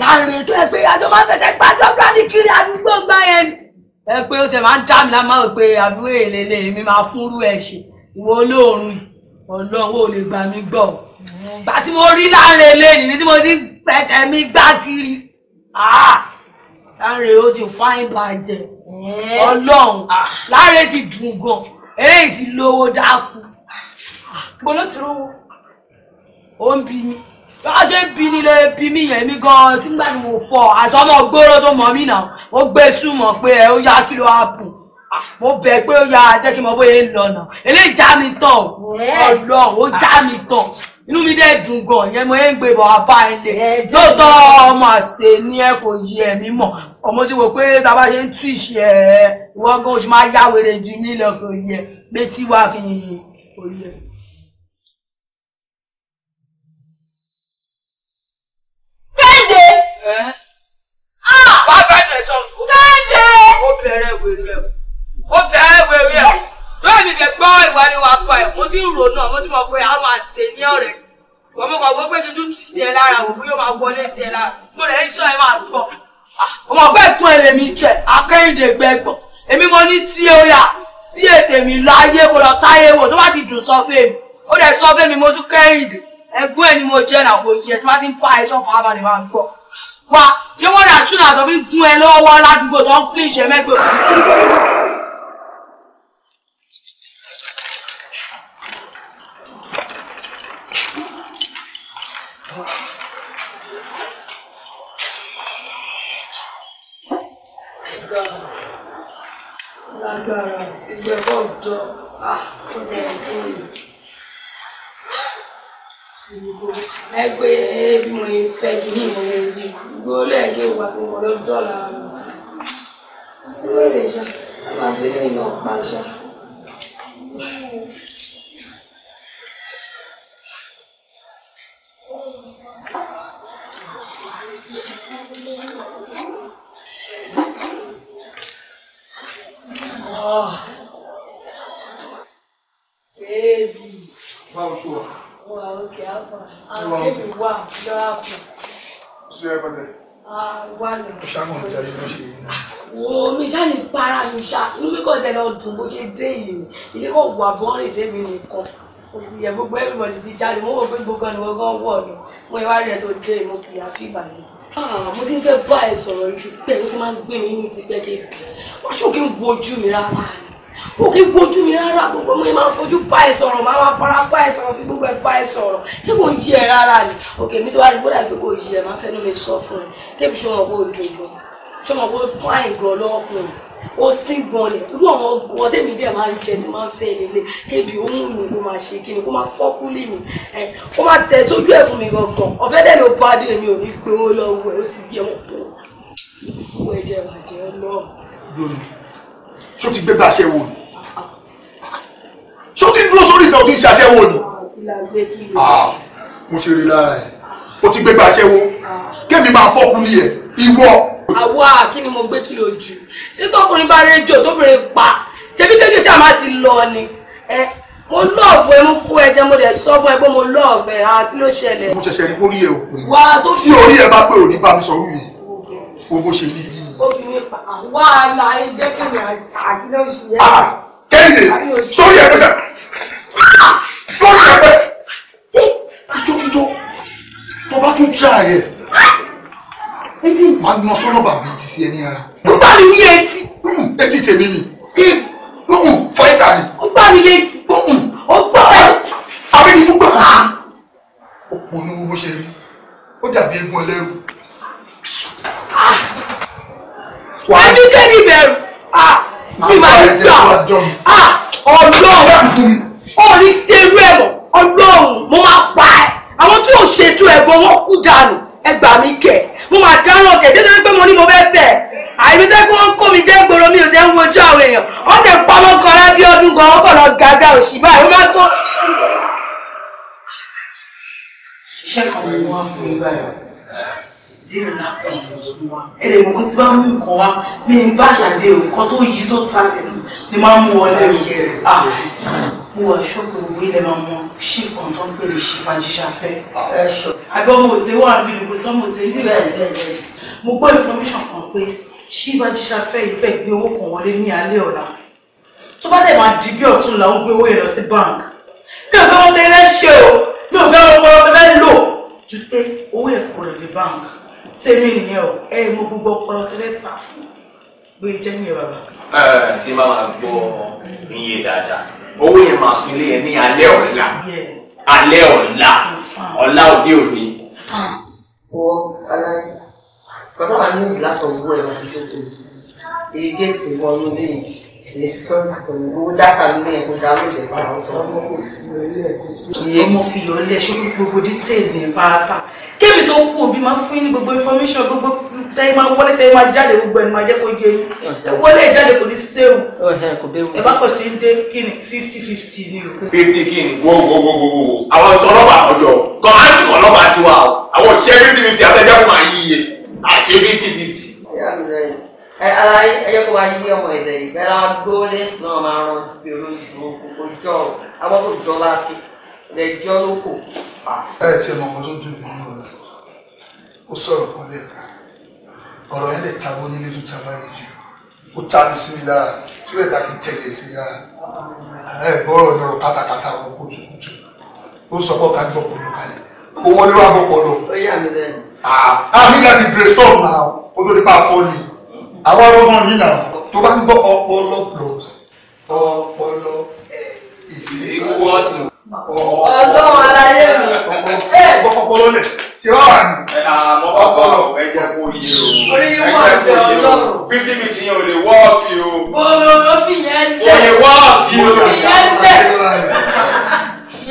láàrin tó ẹ pé àjọ máa ń fẹsẹ̀ gbàjọ́ gíráfì kiri àdúgbò gbá yẹn. ẹ pé ó tẹ máa ń dá mi lámà pé àbúrò èlélẹ̀ mi máa fúnrú ẹ̀ ṣe ìwọ olóòórùn ọlọ́wọ́ ò lè gbà mí gbọ́ gbà tí mo rí láàrin lẹ́ni ni tí mo ti fẹsẹ̀ mi gbá kiri ah, láàrin ó ti fáìn bàjẹ́. Ọlọ́run ah, láre ti dùn gan eléyìí ti lówó dákú gbọ́n ló ti rówó ó ń bí mi báwo ṣe ń bí mi lè bí mi yẹn mi gan tí nígbà tí mo fọ àsọmọ gbóró tó mọ mí náà ó gbé súnmọ́ pé ẹ ó yá kí ló á bù ah, mo bẹ̀ pé ó yá jẹ́ kí n mọ bóyá ń lọ́nà eléyìí já mi tán Ọlọ́run ó já mi tán inú mi dẹ̀ dùn gan yẹn mo ń gbé bọ̀ apá ilé lóòótọ́ ọmọ àṣẹ ni ẹ kò yẹ mí mọ̀ ọmọ tí wò pé tá ṣe ń tú ìṣe ẹ ìwọ́gán oṣù máa yá ju mí kò yẹ pé tí wà kí n kò yẹ. kéde. wà á bẹ̀rẹ̀ ẹ̀ kéde. ó bẹ̀rẹ̀ wèrè ẹ̀. ó bẹ̀rẹ̀ wèrè ẹ̀. lóyè mi kẹ ìwà ni wàá pa ẹ̀ mo ti ń rò náà mo ti mọ̀ pé a máa ṣe ní ọ̀rẹ́ wọ́n mọ̀ kàn ti ṣe ẹ lára wò bóyá máa wọlé ṣe ẹ lára mo lè ń sọ ẹ máa gbọ́ ọmọ ọgbẹ́ ẹ̀gbọ́n ẹ̀ lèmi jẹ akẹ́yìndé gbẹ̀gbọ̀n èmi mo ní tí ó yà tí ètè mi lọ ayé kò lọ táyé wò tó bá ti dùn sọ fèmí ó dẹ̀ sọ fèmí mo tún kẹ́yìndé ẹ̀gbọ́n ẹ̀ ni mo jẹ́ nàkó yẹ tí wọ́n ti ń pa ẹ̀ sọ́kàn abalẹ̀ máa ń gbọ́ wa ṣé wọ́n dà tún àtọ́ fi gún ẹ lọ́wọ́ ládùúgbò tó ń pín ìṣẹ́mẹ́gbẹ̀ẹ́ wà gan rìn sẹ́mi nìkan o ti yẹ gbogbo everybody ti jáde mo wò pé gbogbo ni gbogbo wọ̀ ni mo ìwà rẹ̀ tó dé mo kì í àfi ìbàdí. Ah, mo ti ń fẹ́ bá ẹ sọ̀rọ̀ ju pé o ti máa ń gbé mi nínú ti pẹ́ kéèké wọ́n ṣò kí n wojú mi rárá o kì í wojú mi rárá gbogbo mi máa ń fojú bá ẹ sọ̀rọ̀ máa máa fara bá ẹ sọ̀rọ̀ fi gbogbo ẹ bá ẹ sọ̀rọ̀ ṣé kò yí ẹ rárá ni òkè mi ti wá rí bódà pé kò yí ẹ máa fẹ́ ní mi sọ fún ẹ kébì ṣọmọ kó o dùn gan ṣọmọ kó o fún àìgàn lọ́kùnrin ó sì gan lẹ̀ irú àwọn gan tèmi dẹ̀ máa ń jẹ tí máa ń fẹ́ lélẹ̀ kébi òun mi kó máa ṣe kí ni kó máa fọ́kú lè mi ẹ kó máa tẹ̀ sójú ẹ̀ fún mi gangan ọ̀fẹ́ dẹ̀ ló bá dé mi ò ní pé ó lọ́wọ́ ẹ̀ ó ti jẹ́ wọn tó wọ́n ẹ̀ jẹ́ bàjẹ́ lọ́ọ̀. lórí ṣó ti gbégbá aṣẹ́ wò ni ṣó ti dúró sórí ìtàn tó ń ṣe aṣẹ́ wò ni ah, mo ṣe rí lára ẹ̀ ó ti gbégbá aṣẹ́ wò ah. kébi máa fọ́kú lé ẹ̀ ìwọ àwa kí ni mo gbé kí ló jù ṣé tọkùnrin bá rédíò tóbìnrin pa ṣebí kékeré ṣáà má ti lọ ni ẹ mo lọ́ọ̀fù ẹ mo kú ẹjẹ mo dẹ̀ sọ fún ẹ pé mo lọ́ọ̀fù ẹ à ah, kí ló ṣẹlẹ̀. mo ṣẹ̀ṣẹ̀ rí orí ẹ òpin wá tó fi tí orí ẹ bá pé òní bá mi sọ wíwì wo bó ṣe rí i. ó fi mi pa àwa àlà ẹ jẹ́ kí ni àti ló ṣe ah, kéde sórí ẹ pẹ́sẹ̀ lórí ẹ pẹ́ ìjó tó bá tún tíra yẹ máa ná sọ́nà bàbá ti sí ẹni ara. ó gbà mí ní etí. Hmm, etí tèmi ni. Hmm, fọ́ìtà ni. ó hmm. gbà mí létí. ó gbọ́. abẹ́ni fún gbà. ọ̀pọ̀ ní owó ṣe rí ó dàbí egun ẹlẹ́rù. ẹbí kẹ́ni bẹ̀rù. ìmọ̀ àdúgbò ọlọ́run orí ṣerú ẹ̀wọ̀ ọlọ́run mo máa pa ẹ̀ àwọn tí ò ṣètò ẹ̀gbọ́n wọn kú dànù ẹ gbà mí kẹ̀ mo máa dáràn kẹ̀ ṣé tó ń pẹ́ mo ní mo fẹ́ bẹ̀ àìbí tẹ́ kí wọ́n kó mi jẹ́ gbòòrò mi ò tẹ́ ń wojú àwọn èèyàn wọ́n ti pamọ́ kan lábí ọdún gan ọkọ̀ lọ gàgà òṣì báyìí wọ́n máa tó. iṣẹ́ kan ni wọ́n á fún mi báyọ̀ lérò lápò ìtọ́jú wa ẹlẹ́mọ̀ kan ti mú nǹkan wá mi ń bá àṣàdé òkọ́ tó yí tó ta ni máa ń mú wọlé o mo wà ṣọ́kò gbogbo ilẹ̀ máa mọ ṣì kan tó ń pè ní ṣìfàjìṣàfẹ́. Ah, àbí ọmọ òtẹ wà bí ìlú sọmọ òtẹ ní ìlú. mo gbọ́ information kan pé ṣìfàjìṣàfẹ́ ìfẹ́ gbé owó kan wọlé ní alẹ́ ọ̀la tó bá dẹ̀ máa di bí ọ̀tún là ń gbé owó yẹn lọ sí bank. mi ò fẹ́ wọn tẹ ilé ṣe o mi ò fẹ́ wọn pọ́n tẹ fẹ́ lò ju pé owó yẹn kò lè bank. tèmi nìyẹn o ẹ mo gbogbo ọpọlọ tẹ́lẹ̀ tà fún gbé owó yẹn máa sun ilé yẹn ní alẹ́ ọ̀la alẹ́ ọ̀la ọ̀la òde òní. wọ aláyé bàbá wa ní ìlà tó wú ẹ̀ láti tó tó èyí jẹ́ ìpè wọn ní ilé yìí èyí sì kọ́ ìtò owó dáta nílé yẹn kó dá lóde fún àwọn ọmọ kò fi yọ ilé ẹ̀ kó sí. ọmọ fi yọ ilé ẹ̀ ṣókí gbogbo details yẹn pátá kébì tó kú òbí máa fún ní gbogbo information gbogbo tẹ́yìn máa wọlé tẹ́yìn máa jáde gbogbo ẹ̀ máa jẹ́ kó yé yín wọlé ìjáde kò ní séwu ẹ bá kàn ṣe ń dé kí ni fifty fifty ni o. fifty kí ni wo wo wo wo wo àwọn ìṣọ ọlọ́pàá àkọjọ kan á jù ọlọ́pàá tiwa o àwọn òṣìṣẹ́ fifty fifty abẹ́jẹ́ fún màá yíye àṣẹ fifty fifty. ẹ jẹ́ kó wá yí ọmọ ilẹ̀ ìgbẹ́ra gbólé náà máa rán ìgbèrò ìdúró òjò àwọn òjò láti lẹ́jọ́ lóko ẹ tiẹ̀ mọ ọmọ tó dùn mí nínú rẹ̀ ó sọ̀rọ̀ kan lẹ́ẹ̀kan ọ̀rọ̀ yẹn lè ta bó nílé tó ta báyìí jù ó ta mi sí mi lára tó lè dá kí n tẹ̀lé e sí lára ẹ gbọ́rọ̀ ní ọ̀rọ̀ kátàkátà ọ̀rọ̀ kùtùkùtù ó sọ pé ọ̀gá gbọ́ pọ̀lọ kalẹ̀ owó ni wàá gbọ́ pọ̀lọ. a ní láti brainstorm náà ó ló nípa fọ́ọ̀lì àwa ọmọ mi náà tó bá ń gbọ́ ọpọlọ plus ọpọlọ ìsìnkú ọlọ́run aláyé mi. ọpọlọ lẹ ṣe wá wà ní. ọpọlọ ẹjẹ kò yí o. orí wọn àti ọlọ́run. fífi mi ti yẹn ò lè wọ́ọ̀kì o. bọ́ọ̀lù ló fi yẹn lẹ̀. kò lè wọ́ọ̀kì o. yẹn lẹ̀.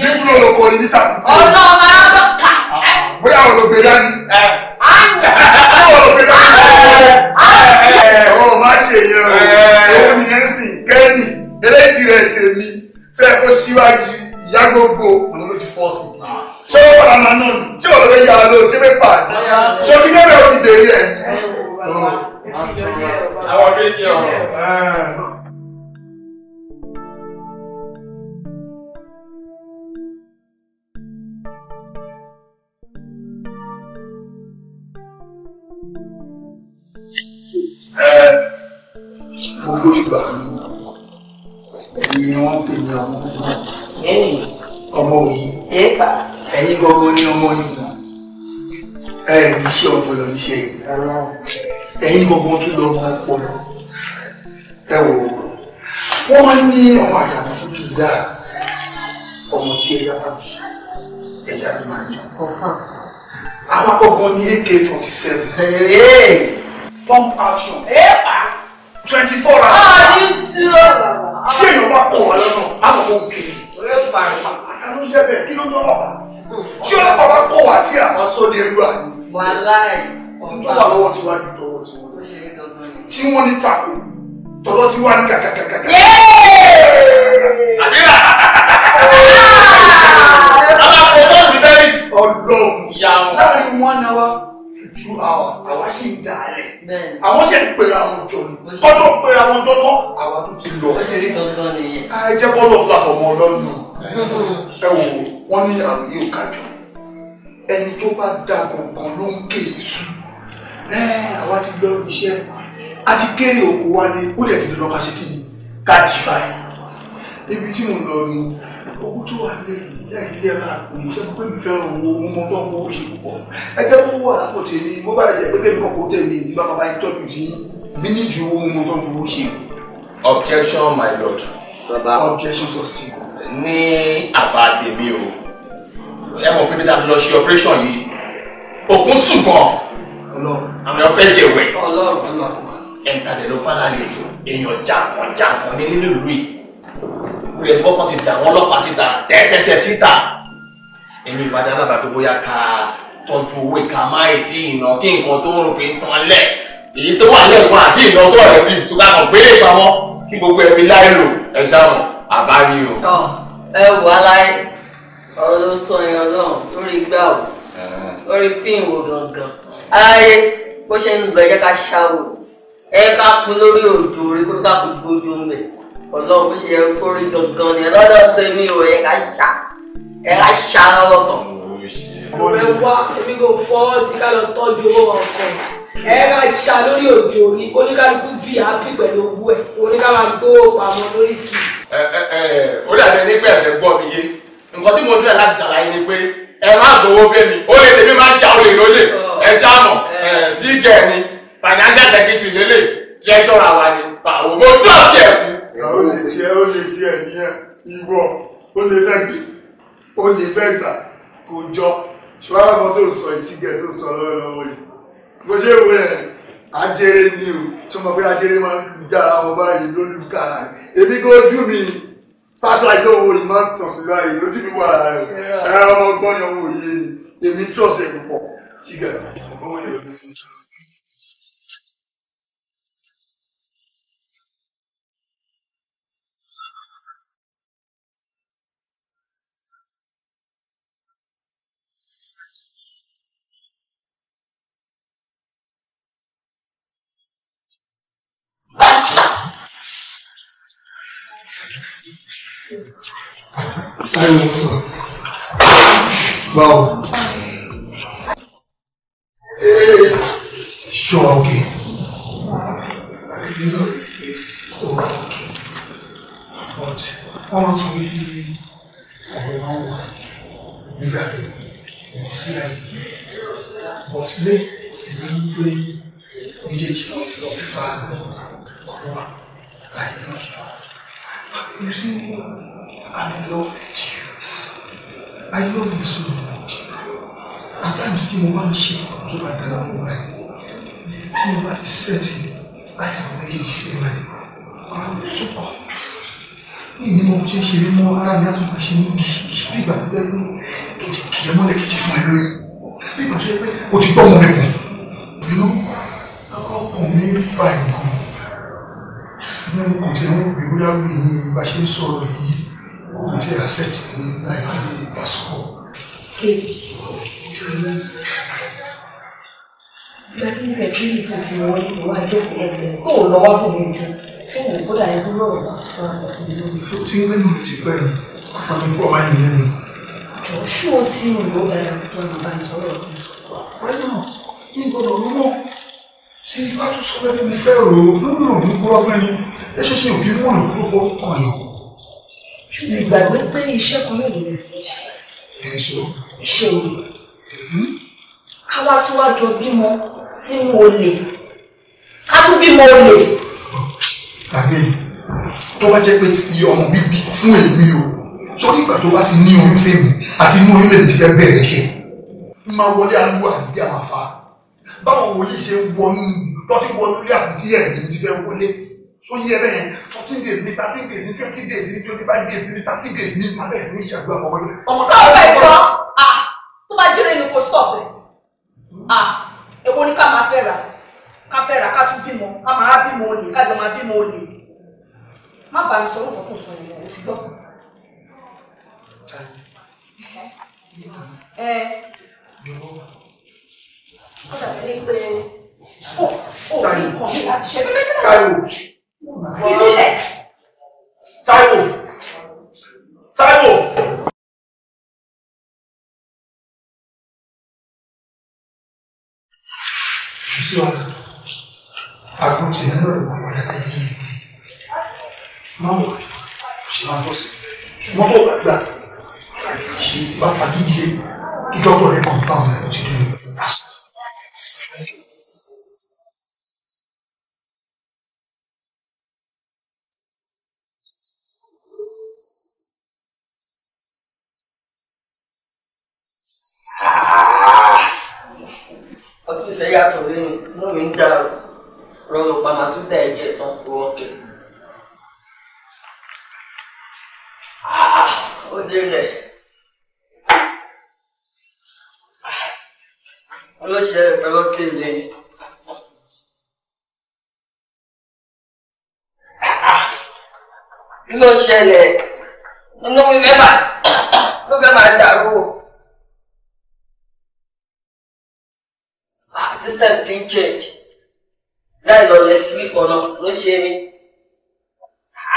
nígbà ló kọ ní níta. ọ̀nà máa ń kà sí. Ah, ah. bóyá olóògbé dání. àyè. Eh. ṣé olóògbé dání. àyè. Eh, eh, ọ̀ má ṣe yẹn o. òun yẹn ń sìn kẹ́ni eléjì rẹ̀ tèmi fẹ́ kó síwájú ìyá gbogbo òun ló ti fọ́ sí. Ah. ṣé ó wà lánàá náà tí wọn lè yà á lò ṣé fẹ́ pa ṣé o ti dé bẹ́ẹ̀ o ti dèrè ẹ̀. Ah. àwọn méjì ọ̀rọ̀. gbogbo ìgbà ni wọ́n pè ní ọmọ náà ọmọ òyì ẹ̀yin gbogbo ní ọmọ òyì ẹ níṣẹ́ ọpọlọ níṣẹ́ ẹ̀yin gbogbo tún lọ ọmọ ọpọlọ ẹ wò wọ́n ní ọmọ àdàmú tó kì í dá ọmọ tí ẹ yára bí ẹ̀yà ló máa yàn àwọn akọkọ ní ak forty seven pump action twenty four hours ah, tí èèyàn bá kọ̀ wá lọ́nà àkọ́kọ́ òkèèrè àtàlù jẹ bẹ́ẹ̀ hmm. bá kọ wá tí àbá sọ ní ẹrú àná nítorí wà lọ́wọ́ tí wàá dùn lọ́wọ́ tí wọ́n ní tako tọ́lọ́ tí wàá ní kàkàkàkà. àbíyá alákòóso ní bẹ́ẹ̀rì. ọlọ́run láàrin wọn náà two hours àwa sì ń dà á lẹ̀ àwọn sì ń pera wọn jọ ni ọdún pera wọn dọ́tọ́ àwa tó ti lọ. wọ́n ṣe rí dandan nìyẹn. ẹ jẹ́ bọ́lọ̀ ńlá ọmọ ọlọ́run ẹ wò wọ́n ní àròyé òkàjọ ẹni tó bá da kọ̀ọ̀kan ló ń ké èso ẹ àwa ti lọ iṣẹ́ a ti kéré òkú wa ni ó lè ti lọ ká ṣe kí ni ká jìfà ẹ ibi tí mo lọ ni owó tó wà lé ìyá ìdílé ẹ̀rọ àpò yìí ṣe pé mi fẹ́ràn owó mo mọ tó ń fowó ṣe púpọ̀ ẹ jẹ́ kó wà lápò tèmi mo bá jẹ́ pé kébì kò tẹ̀lé ìdí bá bàbá yìí tọ́jú sí mi ní ju owó mo tó ń fowó objection my lord. baba objection sustain. ní àbá tèmi o ẹ mọ̀ pé bí táwọn lọ ṣe operation yìí òkun sùn gan. àwọn èèyàn fẹ́ jẹ̀wẹ̀. ló bá láàrin èèyàn jàǹkàn jàǹkàn nílé nílùú rẹ̀ gbọ́kàn ti dà wọ́n ọlọ́pàá síta tẹ́sẹsẹ síta ẹ̀yin ìbàdàn alábàdó bóyá ká tọ́jú owó ìka má ètí ìnà kí nǹkan tó ń fi ń tan lẹ̀ èyí tó wà lẹ́ẹ̀kan àti ìnà tó rẹ̀ di ṣùgbọ́n àwọn gbélé ìpamọ́ kí gbogbo ẹbí láì lò ẹ ṣáwọn àbáyé o. ẹ wò aláì ọ̀rọ̀ ló sọ yẹn ọlọ́run lórí gbà wò lórí pín wò gangan ayé bó ṣe ń lọ ẹ jẹ́ ká ṣàwò ẹ ká kú lórí òjò orí kó ká kú gbójú ń ọlọ́run ṣe yẹ kó gangan ni ọlọ́dọ̀ tó mi ò yẹ ká ṣá ẹ ká ṣá lọ́wọ́ kan. mo fẹ́ wá èmi kò fọwọ́ sí ká lọ tọ́jú owó wọn ẹ ká ṣá lórí òjò ní oníkálukú bí àbí pẹ̀lú owó ẹ̀ oníkálukú gbówó pamọ́ lórí kì. ẹ ẹ ẹ ó dàbí ẹni pé ẹ̀fẹ̀ gbọ́ mi yé nǹkan tí mo dúró láti ṣàlàyé ni pé ẹ má gbowó fẹ́mi ó lè tèmi máa ń olè lólè ẹ ṣá mọ̀ tí gẹ̀ẹ́ni financial secretary lélẹ̀ treasurer wa ni pàwọ́ mo tún ọ̀sẹ̀ kù ó lè tiẹ̀ ó lè tiẹ̀ nìyẹn ìwọ ó lè fẹ́ gbé ó lè fẹ́ gbà kò jọ ṣùgbọ́n àwọn tó sọ ìtìgẹ̀ tó sọ lọ́wọ́lọ́wọ́ yìí bó ṣe wọ ẹ̀ ajere ni o tó mọ̀ pé ajere máa ń dára wọn báyìí lólu kára èmi kò ojú mi satellite tó wo ìmọ̀ tàn sí báyìí lójú mi wà lára rẹ̀ ẹ̀ ọmọ gbọ́nyọ̀ wò yé mi èmi trọ́ọ̀sì ẹ̀ púpọ̀ ṣìgẹ̀ ọmọ yẹn ló ti sọ. báwo ṣọ ọkẹ ọmọ tó ní ọ̀rọ̀ máa ń wà nígbà tó wọ́n sí àyè but lé èmi ń gbé méjèèjì lọ fífa ọ̀rọ̀ wa láì I love you. I love you so programs tí mo máa ń ṣe tó bá dára mọ́ wa tí mo bá ti sẹ́ẹ̀tì láti ọ̀nà méjèèjì sí ìwà máa ń túbọ̀ ní ìdí mo ṣe ṣe mọ́ ara mi láti máa ṣe mú kìṣìkìṣì bí ìgbà tó dẹ́gbẹ́ kìtì kìyẹ mọ́lẹ̀ kìtì fún ẹ lórí bí ìgbà tó dẹ́gbẹ́ o ti gbọ́ ọmọ mi kù inú ọkàn mi fa ìgbọ̀n ní kò tí wọ́n bí bóyá wí ní bá ṣe ń sọ̀rọ̀ yìí kò tí a sẹ́ẹ̀tì ní láìpẹ́ pásítọ̀ ìgbà tí mo tẹ̀ tí ètò ti wọ́n ní ìwà ìjókòó ọ̀gbìn tó ò lọ́wọ́ kò ní ju tí mo kó dàá ẹgbẹ́ lọ́rọ̀ fún ọ̀sán fún mi lórí. ó ti ń gbé mi ti pẹ́ ní ọdún ọba nìyẹn ni. jọ̀ọ́sù ó ti ń lò dára tó ń bá ìsọ̀rọ̀ ní gbọ́dọ̀ mímọ́ tí bá tún sọ pé mi fẹ́ rò ó lónà òbí kúrọ́ ká wá tún wá jọ bímọ sínú olè ká tún bímọ olè. àmì tó bá jẹ́ pé ti ọmọ bíbí fún èmi o sórí ìgbà tó bá ti ní oyún fèmí àti inú oyún lèmi ti fẹ́ bẹ̀rẹ̀ ṣe máa wọlé alú àdìdí àmàfà báwọn wòlíì ṣe wọnú lọ́tí wọnú ilé àpótí ẹ̀ lèmi ti fẹ́ wọlé so yẹ bẹ́ẹ̀ fourteen days ni thirteen days ni twenty days ni twenty five days ni thirty days ni days, ni ìṣàgbé ọmọ ọmọdé. ọmọ tó ń jọ kó stop ẹ̀ ah èwo ni ká máa fẹ́ ra ká fẹ́ ra ká tún bímọ ká máa bímọ olè ká jọ máa bímọ olè má bàa mi sọ̀rọ̀ kókò sọ ìwọ̀n ò ti gbọ́. ẹ ó John, a continuando la wàhálà ayé máa wà ṣe máa bọ̀ sí ṣùgbọ́n bó gbàgbà ṣe bá fagídí ṣe dọ́gbọ̀n rẹ̀ kọ̀ọ̀tà ọ̀rẹ́ òtítọ́ yìí. ìfẹ́ yàtọ̀ nínú inú mi ń dà rọrùn pàmò tó dà ẹ̀jẹ̀ tán kó wọn kẹ. Ah, ó délẹ̀ ọlọ́ṣẹ́ ah, pẹ̀lú ọtí ilé ni. Ah, kí ló ṣẹlẹ̀ inú mi fẹ́ máa dàrú o. system ti ń change láì lọ next week ọ̀nà ló ṣe mí.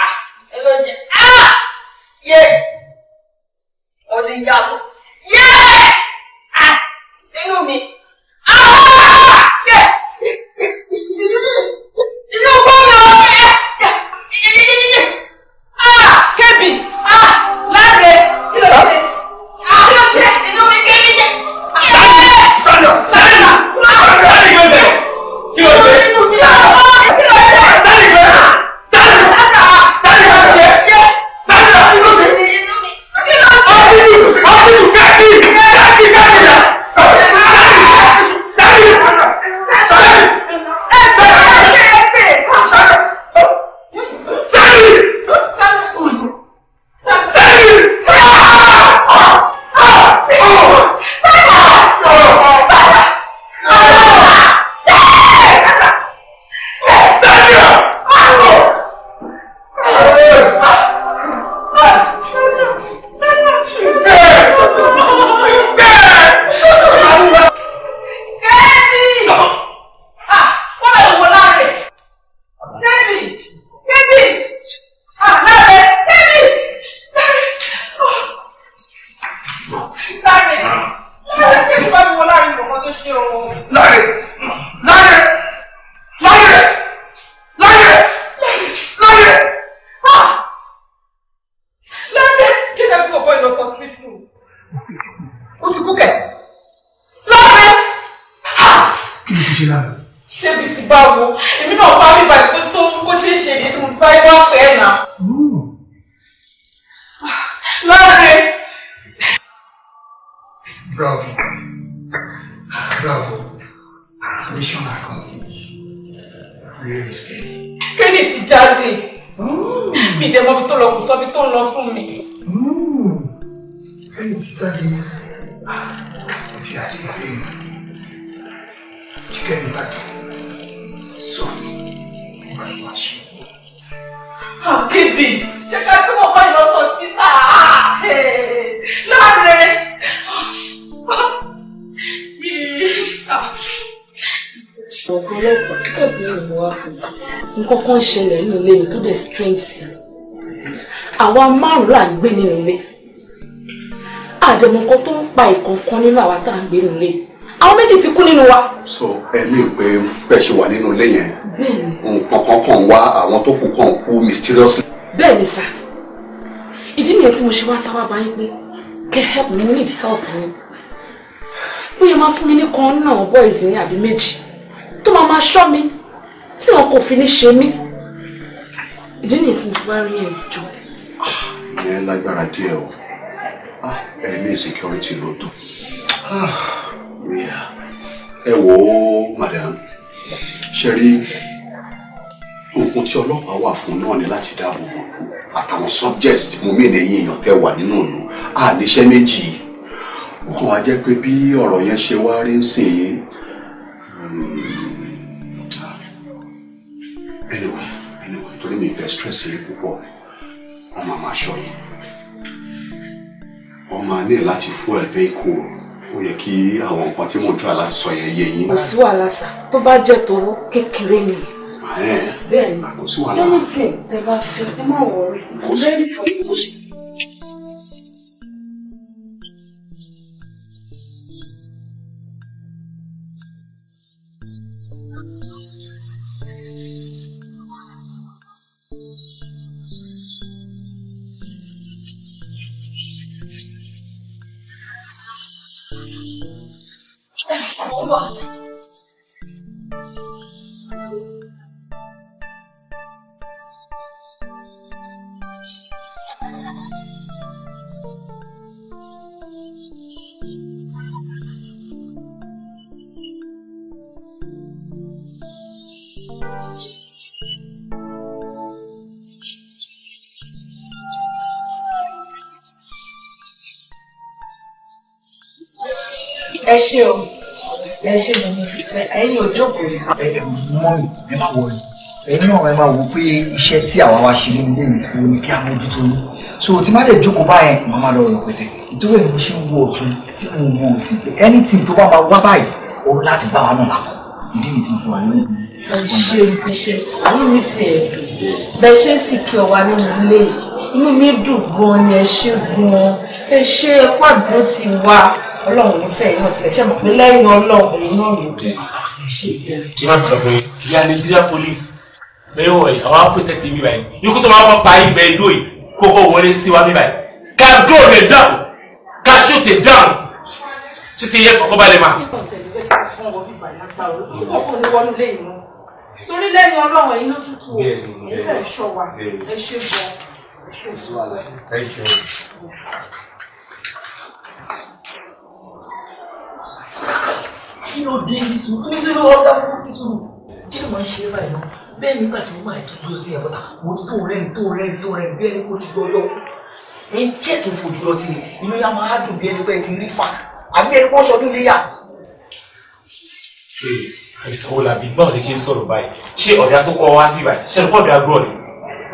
Ah! ẹ lọ jẹ ah! yé mo ti yàtọ̀. ọlọ́pàá ṣẹlẹ̀ nínú ilé mi tó dẹ̀ strange sí àwa márùn là ń gbé nínú ilé àdèmọ̀kan tó ń pa ìkọ̀ọ̀kan nínú àwa tá à ń gbé nínú ilé àwọn méjì ti kú nínú wa. so ẹ̀mí pé pẹ̀ ṣe wà nínú ilé yẹn nǹkan kan kàn wá àwọn tó kù kàn kú mysteriously. bẹ́ẹ̀ ni sà ìdí nìyẹn tí mo ṣe wá sáwá bá yín pé kẹ́ help me need help me bóyá máa fún mi ní kan náà boys ní àbí méjì tó máa máa ṣọ́ mi tí wọn kò fi ní ṣe mí ìdí nìyẹn tí mo fi wá rí ẹ̀ jọ. Ah, ìyẹn lágbára díẹ̀ o ah, ẹ ní security lóòótọ́ ah, ẹ wò ó madam ṣe rí nǹkan tí ọlọ́pàá wà fún náà ni láti dáàbò bò àtàwọn subjects tí mo mìíràn yìí èèyàn fẹ́ wà nínú ìlú àníṣe méjì yìí ó kàn wá jẹ́ pé bí ọ̀rọ̀ yẹn ṣe wá rí ń sìn anyway anyway torí mi fẹ́ stress yìí púpọ̀ ọmọ àmà aṣọ yìí ọmọ ní láti fún ẹ fẹ́ kó o yẹ kí àwọn nǹkan tí mo dúrà láti sọ yẹn yé yín. kò sí wàhálà sá tó bá jẹ́ tòwó kékeré ni. bẹ́ẹ̀ ni kò sí wàhálà. anything tẹ bá fi ẹ má wọrí i'm ready for you. Vambora. É ẹ so tí má lè jókòó báyẹn màá má lọ rọ pẹtẹ ìtòwé mi ṣe ń wo ọ̀tún tí mo wo òsì pé anything tó bá máa wá báyìí ó láti bá wa náà lápò ìdí mi fún wa lóyún. ẹ ṣe ẹ ṣe àánú mi ti ẹ̀ dùn bẹ́ẹ̀ ṣe sì kí ọ wá nínú ilé yìí inú mi dùn gan ni ẹ ṣe gan ẹ ṣe ẹ kó àdúró ti wá ọlọ́run ń fẹ́ iná sílẹ̀ ṣe mọ̀ pé lẹ́yìn ọlọ́run náà ló ṣe ìbéèrè. ìyá mi sọ pé ìyá Nigeria police bẹ́ẹ̀ wọ̀ yìí àwọn apótẹ́tì mi báyìí ikú tó máa wọ́n pa yín bẹ́ẹ̀ dóyè kókó wọlé sí wa mi báyìí ká dóò lè dáhùn ká ṣó ti dáhùn tó ti yẹ fọkọ balẹ̀ máa. torí lẹ́yìn ọlọ́run ẹ̀yin ló tútù o ẹ̀yin lè ṣọ wa ẹ ṣe bọ ẹ ṣe bọ. Kilo ló dé nísòro nísòro ọjà kúkú nísòro kí ló máa ń ṣe báyìí náà bẹ́ẹ̀ nígbà tí mo máa tọ́jú ọtí ẹ̀kọ́ ta mo tó rẹ́ni tó rẹ́ni tó rẹ́ni bí ẹni kó ti gbọ́ ọjọ́ ẹ̀ ń jẹ́ kí n fojú lọ tìrì inú yà máa dùn bí ẹni pé ti rí fa àbí ẹni pọ́n sọdún léyà. àìsàn wo làbí báwo lè ṣe ń sọ̀rọ̀ báyìí ṣé ọ̀dà tó kọ́ wá sí ìbàdí ṣé ẹ̀dùkọ́ ọ̀dà gbọ́ ni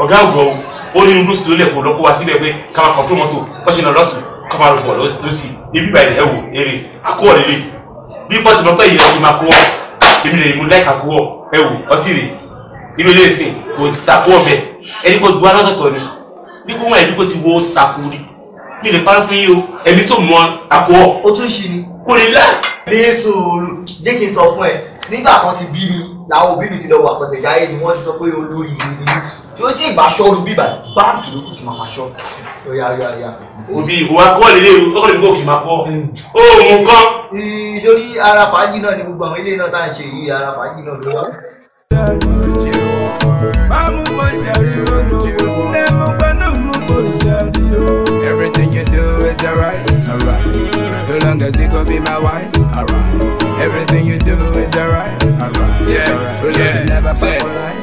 ọ̀dà gbọ́ o ó ní irú sílò lẹ́kọ̀ọ́ lọ́kọ́ wá síbẹ̀ pé ká máa kọ̀ọ̀tún mọ́tò kọ́ṣẹ́ náà lọ́tù ká máa rọ̀pọ̀ lọ́sí níbí báyìí ẹ̀ wò eré akọ́ọ̀lẹ́lẹ́ bí bọ́sì mọ́ pé ìyẹn ti máa kó wọ̀ èmi lè mú láìka kó wọ̀ ẹ wò ọtí rè irú ilé ìsìn kò sàkó ọbẹ̀ ẹni kò gbọ́ alátọ̀tọ̀ ni bí kò wọ́n ẹni kò ti wo sàkó rí mi lè parọ́ fún yín o ẹni tó mọ àkó ọ̀. o tún ṣe ni. kò lè last. ní sòrò jẹ́ kí n sọ fún ẹ nígbà kan ti bí mi làwọn òbí mi ti lọ wà pọ̀tẹ̀jáyé ni wọ́n ti sọ pé olórí mi ni tí ó tí ì bá aṣọ báńkì ló kù tí màá aṣọ. òbí ìwà kọ́ lè léwu tọ́kọ̀ lè gbòkì máa pọ̀. ó mú kán. sórí ara fàájì náà ni gbogbo àwọn ilé náà tá à ń ṣe yìí ara fàájì náà ló wà. Mamu mo ṣẹ̀rí ronú, ṣe mo gbẹ́nu mú mo ṣẹ̀rí o. Everything you do is alright, alright. So long as you go be my wife, alright. Everything you do is alright, alright. Yeah, so yeah. Never yeah.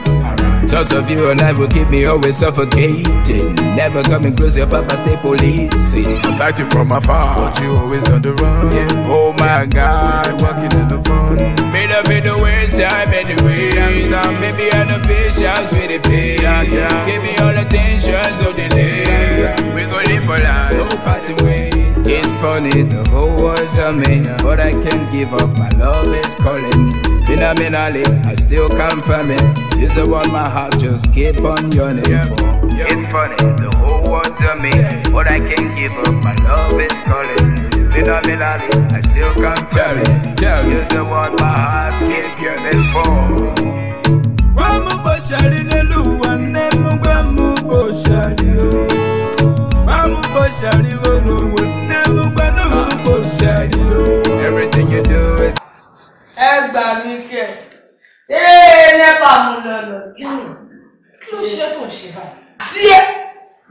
Because of you and I will keep me always suffocating. Never coming close, your papa stay policing. I sight you from afar, but you always on the run. Yeah. Oh my God, walking in the fun. Made up in the worst time anyway. Maybe I'm the patience with the pain. Give me all attention, so delay. We gon' live for life, no parting ways. It's funny, the whole world's a man, but I can't give up. My love is calling. Phenomenally, I still confirm it. This is what my heart just keep on yearning yeah. for. Yeah. It's funny, the whole world's on me. but I can not give up, my love is calling. Phenomenally, I still confirm tell it. Tell this is what my heart keep yearning for. Oh. Oh, oh. Everything you do is. ẹ gbà mí kẹ ṣé nẹ́pà mú lọ lọ kí ló ṣe tó ń ṣe báyìí. tí ẹ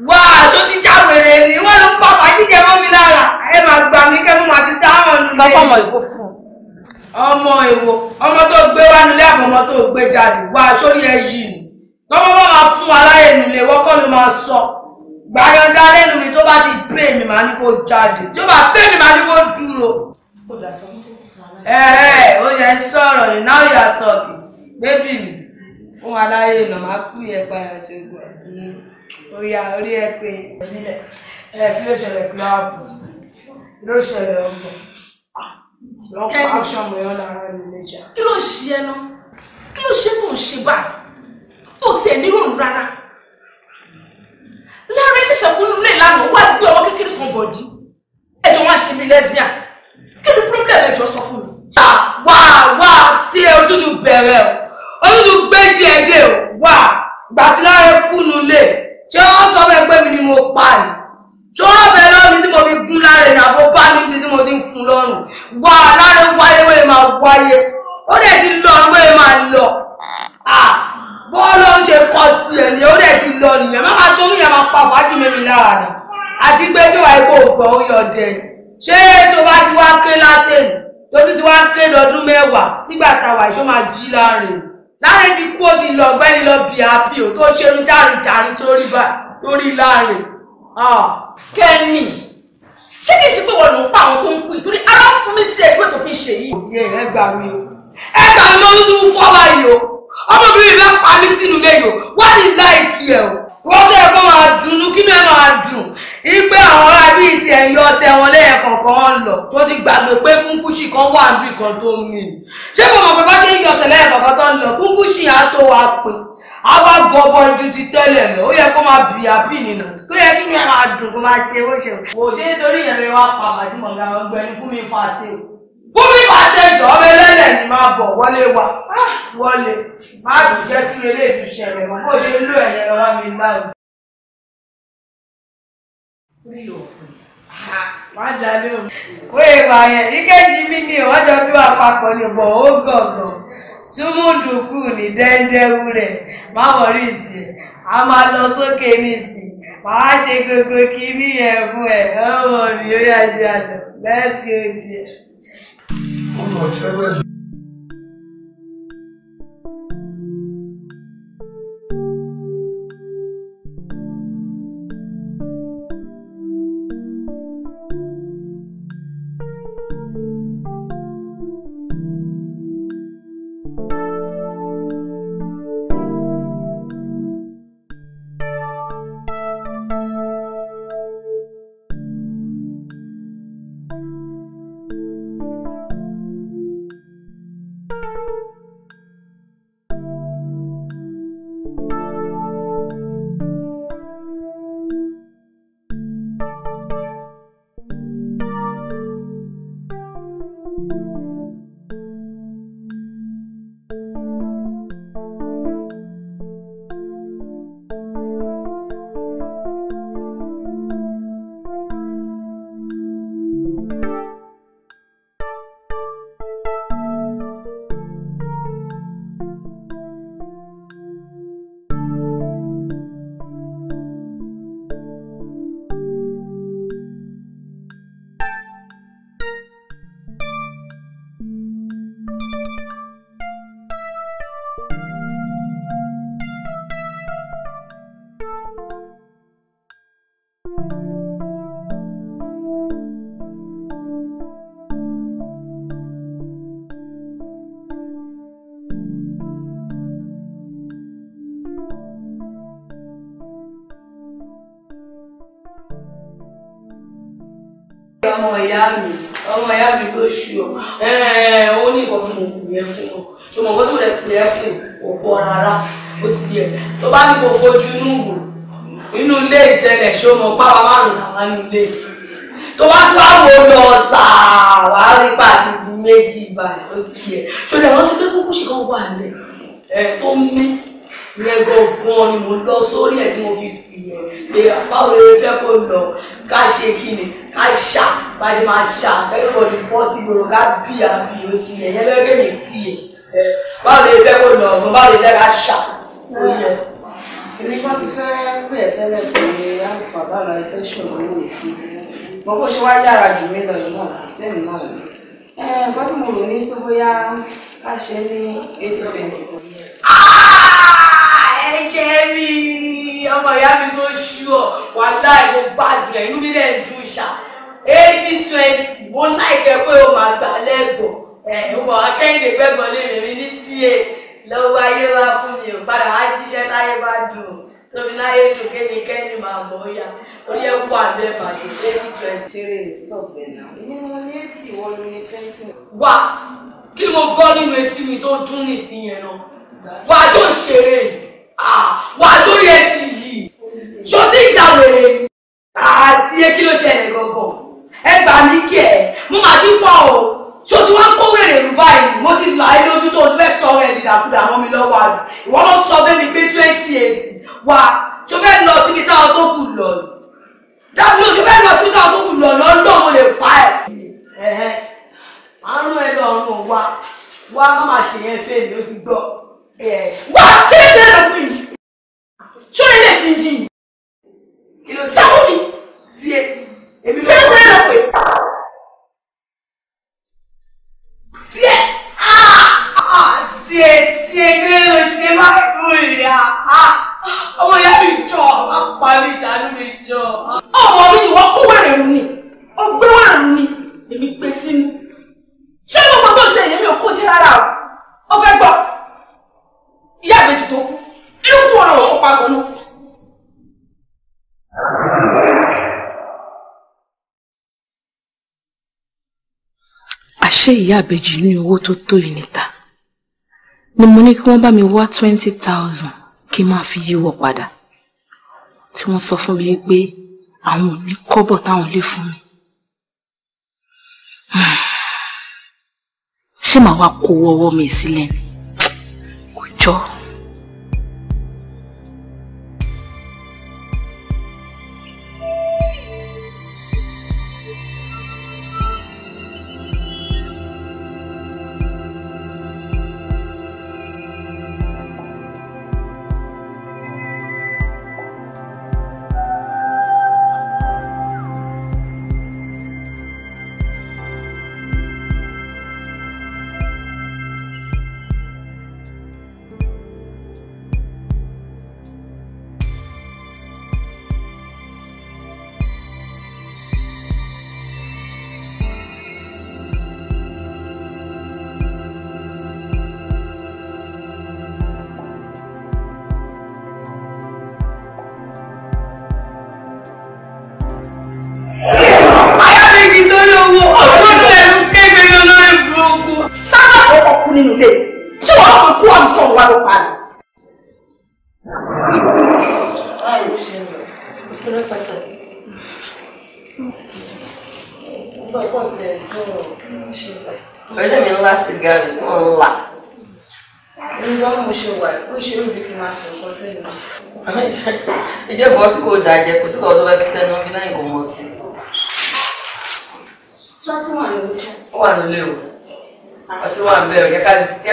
wá aṣọ ti jáwèrè ni wọn ló pa fàjíjẹ mọ mi lára ẹ máa gbà mí kẹ mo máa ti dáhùn nílé. sọ fọmọ ìwò fún ọmọ ìwò ọmọ tó gbé wá nílé àmọ́ ọmọ tó gbé jáde wá aṣọ rí yìí ni tọmọ bá máa fún wa láyè nílé wọ́kọ́ ló máa sọ gbàyọ̀dá lẹ́nu mi tó bá ti pè mí màá ní kó jáde tí ó bá pè mí màá ní kó dúró. kó dà sọ́mọ́. Hey, oh, yẹ sorry now you are talking bébì fún aláyé nà má kú yẹ padà jogun ẹ orí orí ẹ pé ẹ kí ló ṣẹlẹ̀ kílọọbù kí ló ṣẹlẹ̀ ọgbọ́n lọ́pọ̀ action my yọ manager. Close níjà. kí Close ń ṣe ẹnu kí ló ṣe tó ń ṣe báyìí tó tiẹ̀ níròyìn rárá lára ẹ ṣẹ̀ṣẹ̀ kú nílé lánàá wá gbé ọmọ kékeré kan bọ̀dí lesbian kí ni problem ẹjọ́ sọ fún mi ah wá wá tí òtútù bẹ̀rẹ̀ o òtútù gbèjì ẹ̀dẹ̀ o wá gbàtíláyé kúnú lè ṣé wọ́n sọ fẹ́ pé mi ni mo pa ni ṣé wọ́n bẹ lọ́ọ̀mí tí mo fi gún lára ẹ̀yìn àbó bá mi ní tí mo ti ń fún lọ́rùn wá lára wáyé wẹ́ẹ̀ máa wáyé ó dẹ̀ ti lọ wẹ́ẹ̀ máa lọ ah bọ́ọ̀lù ń ṣe kọ́ tiẹ̀ ni ó dẹ̀ ti lọ nìyẹn má máa tó ń yẹ máa pa fàájì mi lára rẹ̀ àti pé tí wàá kó gbọ́ ó yọ dẹ̀ ṣé tó bá ti wá pé látẹ̀lù lójú ti wá pé lọ́dún mẹ́wàá sígbà táwa ìṣó máa jí láàrin láàrin ti kú ó ti lọ ọgbẹ́ni lọ bí àbí ò tó ṣerú jàrìjàrì torí bá torí láàrin. kẹ́ni ṣé kìí ṣe pé wọ́n ló ń pa àwọn tó ń kú ìtorí ara ń fún mi sí ẹgbẹ́ tó fi ṣe yìí. òye ẹ gbà mí o ẹ gbà mí lọ́dún tó ń fọ́ báyìí o ọmọbìnrin bá pa mí sínú ilé yìí o wá ní láìpẹ́ o. wọ́n tẹ́ ẹ kó máa dùn kí ni ẹ máa dùn ìgbé àwọn ará bíi ti ẹ̀yìn ọ̀sẹ̀ wọn lẹ́yìn kọ̀ọ̀kan lọ tó ti gbàgbé pé kúnkúṣì kan wà níbi kan tó ń rìn ṣé mo mọ̀ pé bá ṣe ń yọ̀tẹ̀ lẹ́yìn kọ̀ọ̀kan tó ń lọ kúnkúṣì á tó wa pè á wá gbọ́bọ́ ju ti tẹ́lẹ̀ lọ ó yẹ kó máa bì á bì nínú tó yẹ kí ni ẹ máa dùn kó máa ṣe ó ṣe. kò ṣe é torí ìyẹn lè wá pa màdí mọ̀gá ọgbẹ́ni fún mi fa ṣe o fún mi fa ṣe jọ ọmọ ẹlẹ́lẹ̀ ni máa bọ̀ wọlé wa ah, wọlé má dùn jẹ́ kí eléyìí tún ṣẹlẹ̀ mọ́ bó ṣe lú ẹ̀yẹ lọ́wọ́ mi báyìí má jáde o. wéè bàyẹ̀ ìkejì mi ni ọjọ́ bí wà papọ̀ ni bọ̀ ó gàngàn súnmùdùkú ní dẹ́ndẹ́wú rẹ̀ má wọ̀rí tiẹ̀ a máa lọ sókè nísìn màá ṣe gbogbo kíní yẹn fún ẹ ọmọ mi ó yà jẹ àná lẹ́sìn ojú ẹ. ọmọ lé tó bá tún àwọn olè ọ̀sà wàá rí pa àti di méjì báyìí ó ti yẹ ṣọlẹ̀ àwọn ti pé kúkú ṣì kan wà lẹ̀ ẹ̀ tó mí yẹn gangan ni mo lọ sórí ẹ̀ tí mo fi ìyẹn lè báwo lè fẹ́ kó lọ ká ṣe kí ni ká ṣà bá ṣe máa ṣà bẹ́ẹ̀ kọ́ ni bọ́ sí gbòòrò ká bí àbí ó ti yẹ yẹn ten náà ni nǹkan tí mo rò ní pé bóyá ká ṣe ní eighty twenty. Ah! ẹ jẹ́ rí ọmọ ìyá mi tó ṣú ọ wàhálà ìwọ gbàdúrà inú mi lè dùn ṣá eighty twenty mo láìpẹ́ pé o máa gbà lẹ́gbọ̀ọ́ ẹ̀ ń bọ̀ gbẹ́gbọ̀n lè rìn ní tíye lọ́wọ́ ayé wá fún mi ò padà wá jíṣẹ́ táyé bá dùn tóbi láyé tó kéde kẹ́ni máa bọ̀ ọ́ yá orí ẹ̀ abẹ́ bàjẹ́ twenty twenty. ṣeré ní stock bẹ̀ náà. ní eighty ìwọ ló ní twenty. wà kí mo gbọ́ nínú etí mi tó dún nísìnyí yẹn náà wà á tó ṣeré wà á tó rí etí yìí ṣó tí ìjà wèrè àti kí ló ṣẹlẹ̀ gangan ẹ gbà mí kí ẹ mo máa ti pọ̀ o ṣó tí wọ́n kó wèrè rú báyìí mo ti là á lójú tó o fẹ́ sọ ẹ̀ dìdàkudà mọ́ mi lọ́wọ́ àgbà ìwọ́n ló sọ bẹ́ẹ̀ mi pé twenty eight wà ṣo fẹ́ lọ síbi táwọn tó kù lọ ni dábìlì ṣo fẹ́ lọ síbi táwọn tó kù lọ lọ lọ mo lè pa ẹ̀. ẹ̀hẹ́ àánú ẹ lọ́rùn wa wa má máa ṣe yẹn fẹ́ mi ó ti gbọ́. wá ṣé ṣe lọ pé yìí ṣó lè lè ti jìn kí ló ṣe fún mi tiẹ̀ ṣé ṣe lọ pé tiẹ̀ ah, ah, tiẹ̀ tiẹ̀ gbé ló ṣe báyìí ọmọ ìyá mi jọ má pa mí ṣàánú mi jọ. ọmọ mi ni wọ́n kó wẹ̀rẹ̀ rùn ni ọgbẹ́ wẹ̀rẹ̀ rùn ni èmi gbé sínú. ṣé gbogbo tó ṣe èyí mi ò kó jẹ́ rárá o ó fẹ́ gbọ́ ìyá ìbejì tó kú inú kú wọn lọ́wọ́ kópa gan náà. àṣé ìyá ìbejì ní owó tó tó yìí níta ni mo ní kí wọ́n bá mi wá twenty thousand kí n máa fi yíwọ́ padà tí wọ́n sọ fún mi wípé àwọn ò ní kọ́bọ̀ táwọn lè fún mi. ṣé màá wá kó owó mi sílẹ̀ ni kò jọ́.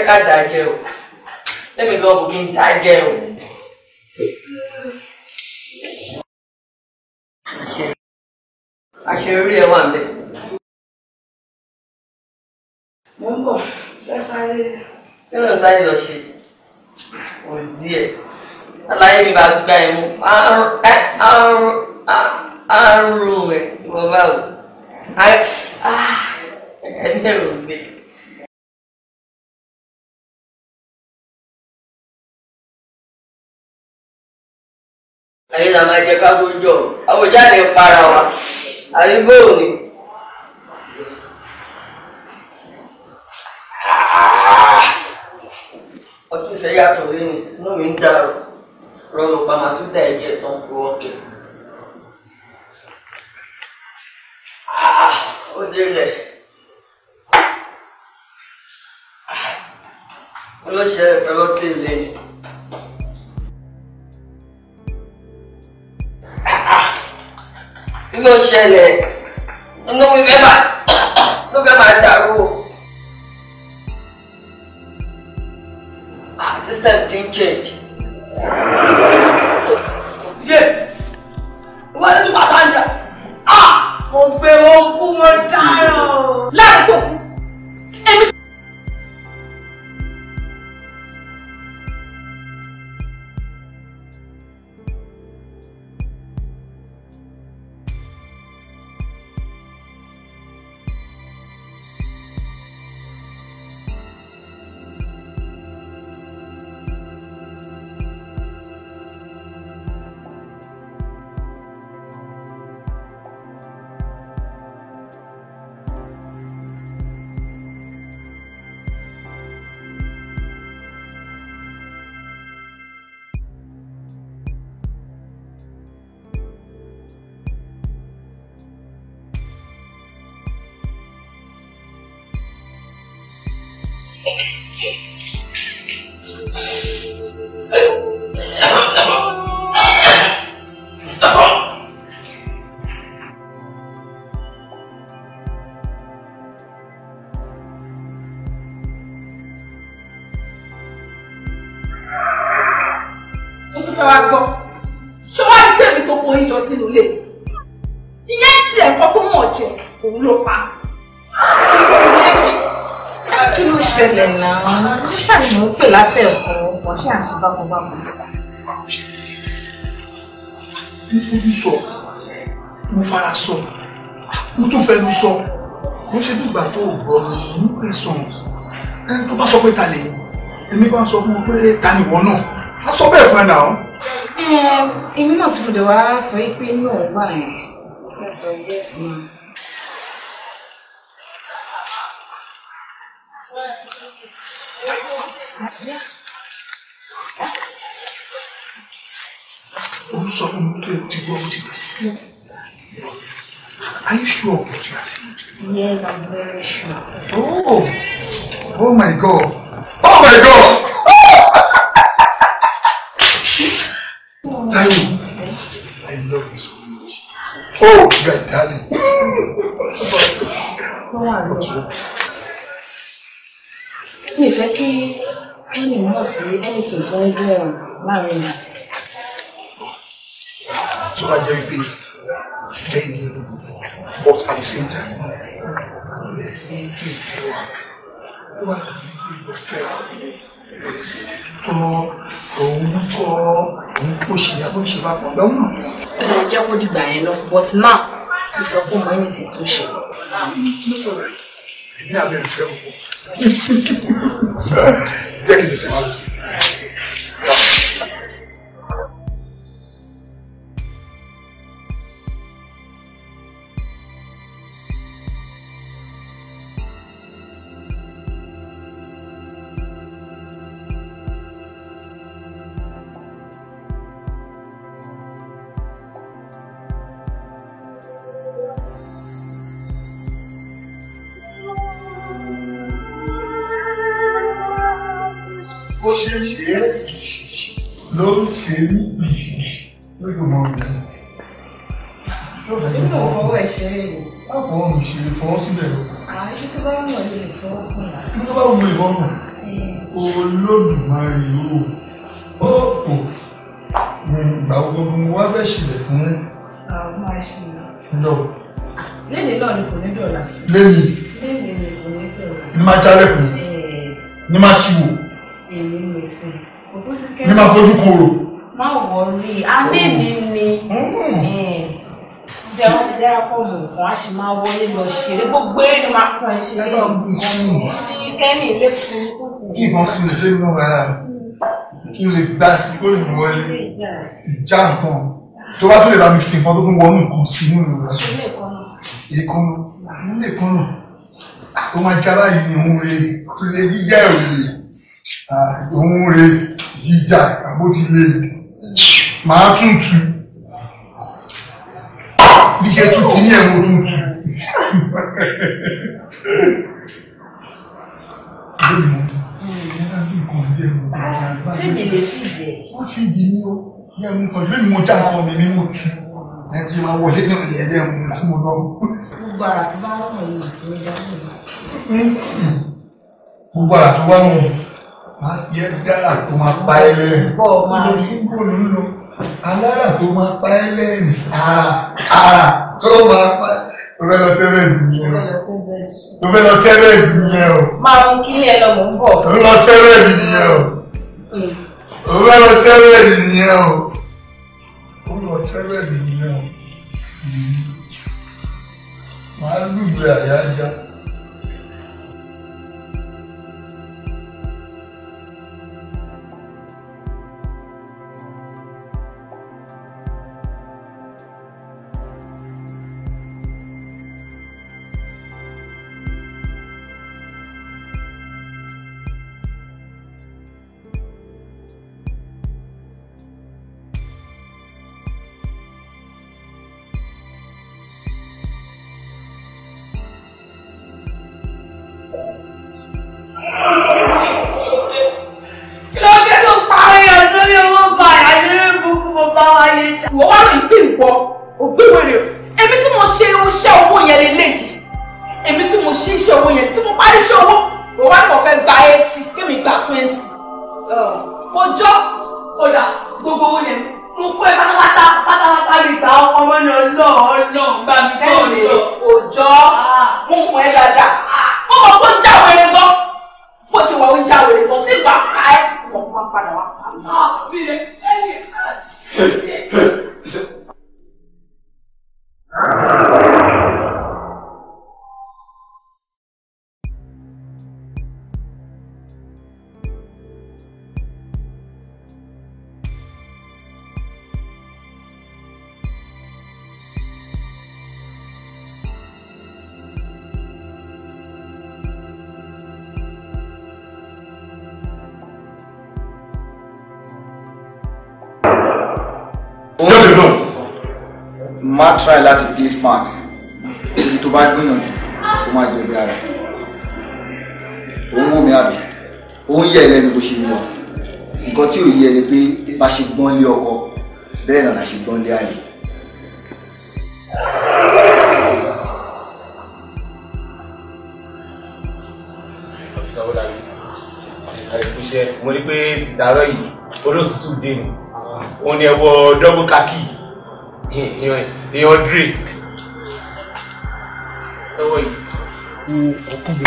ká dà jẹ o lẹ́mi lọ́ọ̀bù kí n dà jẹ o. àṣírí ẹ wà nbẹ. mo ń bọ̀ fẹ́ kí ló ń sáré lọ ṣe? kò díẹ̀ aláyé mi bá gbá ẹ mú àrùn ẹ ìwọ báwo ẹni ẹ ò gbé. ayé la máa jẹ kábó jọ àwòjáde ń para wa àrígbó òní. ọtí ìfẹ́ yàtọ̀ lẹ́nu inú mi ń dàrú rọrùn pa màá tún dà ẹ̀jẹ̀ tán kú ọ̀kẹ́. ó délẹ̀ ó ló ṣe ẹ̀rọ tí ì lẹ́yìn. kí ló ṣẹlẹ̀ inú mi fẹ́ máa ló fẹ́ máa dàrú o. ah system ti ń change. sọ pé ta lè èmi bá ń sọ fún un pé ta ni ìwọ náà a sọ bẹ́ẹ̀ fún ẹ náà. èmi náà ti gbọdọ̀ wá sọ pé náà wà ẹ̀ tí ń sọ yes náà. ó fún mi pé o ti gbọ́ o ti bẹ̀rẹ̀. Are you sure of what you are saying? Yes, I'm very sure. Oh, oh my God. Oh my God. Oh. Taiwo, I love you Oh, my darling. Mi fẹ́ kí Kẹ́ni mọ̀ sí ẹni tó gbọ́ ń gbé ọ̀rọ̀ láàrin àti. Tó bá jẹ́ wípé Kẹ́ni at the same time let me play fẹ́ wa ó wà lórí fẹ́ wa bẹ̀rẹ̀ sí ní tutọ́ òun tọ́ òun tó ṣe abọ́ ṣe bá pọ̀ lọ́wọ́. ẹ lọ jẹ́ kó dìgbà yẹn lọ but now ìfẹ́ kò mọ ẹni tí tó ṣe. ní abẹ́rẹ́ fẹ́ wọ́pọ̀ jẹ́ kí n tètè máa lọ sí ti. èmi não mọ́ mi sí. Sínú òfowó ẹ̀ ṣeré ni. Má fọwọ́ mi ṣe lè fọwọ́ síbẹ̀ lọ. Àṣé tó bá wù ọ́ lè fọwọ́ kùn. Kí ló bá wù ẹ̀ fọwọ́ o. Ó kò gbà gbogbo mo wá fẹ́ ṣílẹ̀ fún ẹ. Àwọn máa ṣe lọ. Lọ. Lẹ́yìn náà ni kò ní dọ̀la. Lẹ́yìn. Lẹ́yìn ni kò ní dọ̀la. Ní máa jálẹ̀kùn. Ní máa ṣíwò. Èmi nìsín. Òkú Ní máa fojú kòrò má wọrí alẹ́ni oh. ni mm. eh. jẹun ti dára pọ̀ mọ̀ nǹkan á sì máa wọlé lọ ṣeré gbogbo eré ni máa fún ẹ ṣeré sí kẹ́ni ilé burúkú ti. kí ìbọn sí ní sẹ́yìn náà rárá kí n lè gbá sí kó lè wọlé ìjà nǹkan tó bá tún lè bá mi fi nǹkan tó fún wọnú nǹkan sí inú ìlú rẹ. ìkọlù ìkọlù ìkọlù ó máa jára yìí òun rè é jíjà òun rè rè é jíjà àbótilé màá tún bí ṣe tún kí ní ẹ̀ mo tún kan bẹ́ẹ̀ mo já nǹkan mi ní mo tu ẹ ti máa wọlé náà yẹ jẹ mo lọ. gbogbo àrà tó bá lọ́nà yìí ló yá mọ̀ gbogbo àtúwọ́nù máa fi ẹ́ dára tó máa pa ẹ lẹ́yìn. bọ́ọ̀ máa lọ sí bọ́ọ̀lù ń alára tó máa pa ẹ́ lẹ́rìn ara ara tó máa pa tó fẹ́ lọ tẹ́lẹ̀dì nìyẹn o tó fẹ́ lọ tẹ́lẹ̀dì nìyẹn o. máa mú kí ni ẹ lọ mọ̀ ń bọ̀. tó lọ tẹ́lẹ̀dì nìyẹn o tó fẹ́ lọ tẹ́lẹ̀dì nìyẹn o tó lọ tẹ́lẹ̀dì nìyẹn o. màá lùgbé àyájá. má try láti play smart èyí tó bá gbìyànjú kó má jẹ̀bi ara òun wò mí àbí òun yẹ ẹlẹ́nu bó ṣe ń lọ nǹkan tí ò yẹ ni pé bá ṣe gbọ́n lé ọkọ bẹ́ẹ̀ náà la ṣe gbọ́n lé àlè. sanwó-lárí àìfúnṣẹ́ mo ní pé tìtàárọ̀ yìí olótùtù dé ni òun ni ẹ̀wọ̀ dọ́gbọ́n kakí èèyàn drink ẹwọ yìí. wo ọkàn mi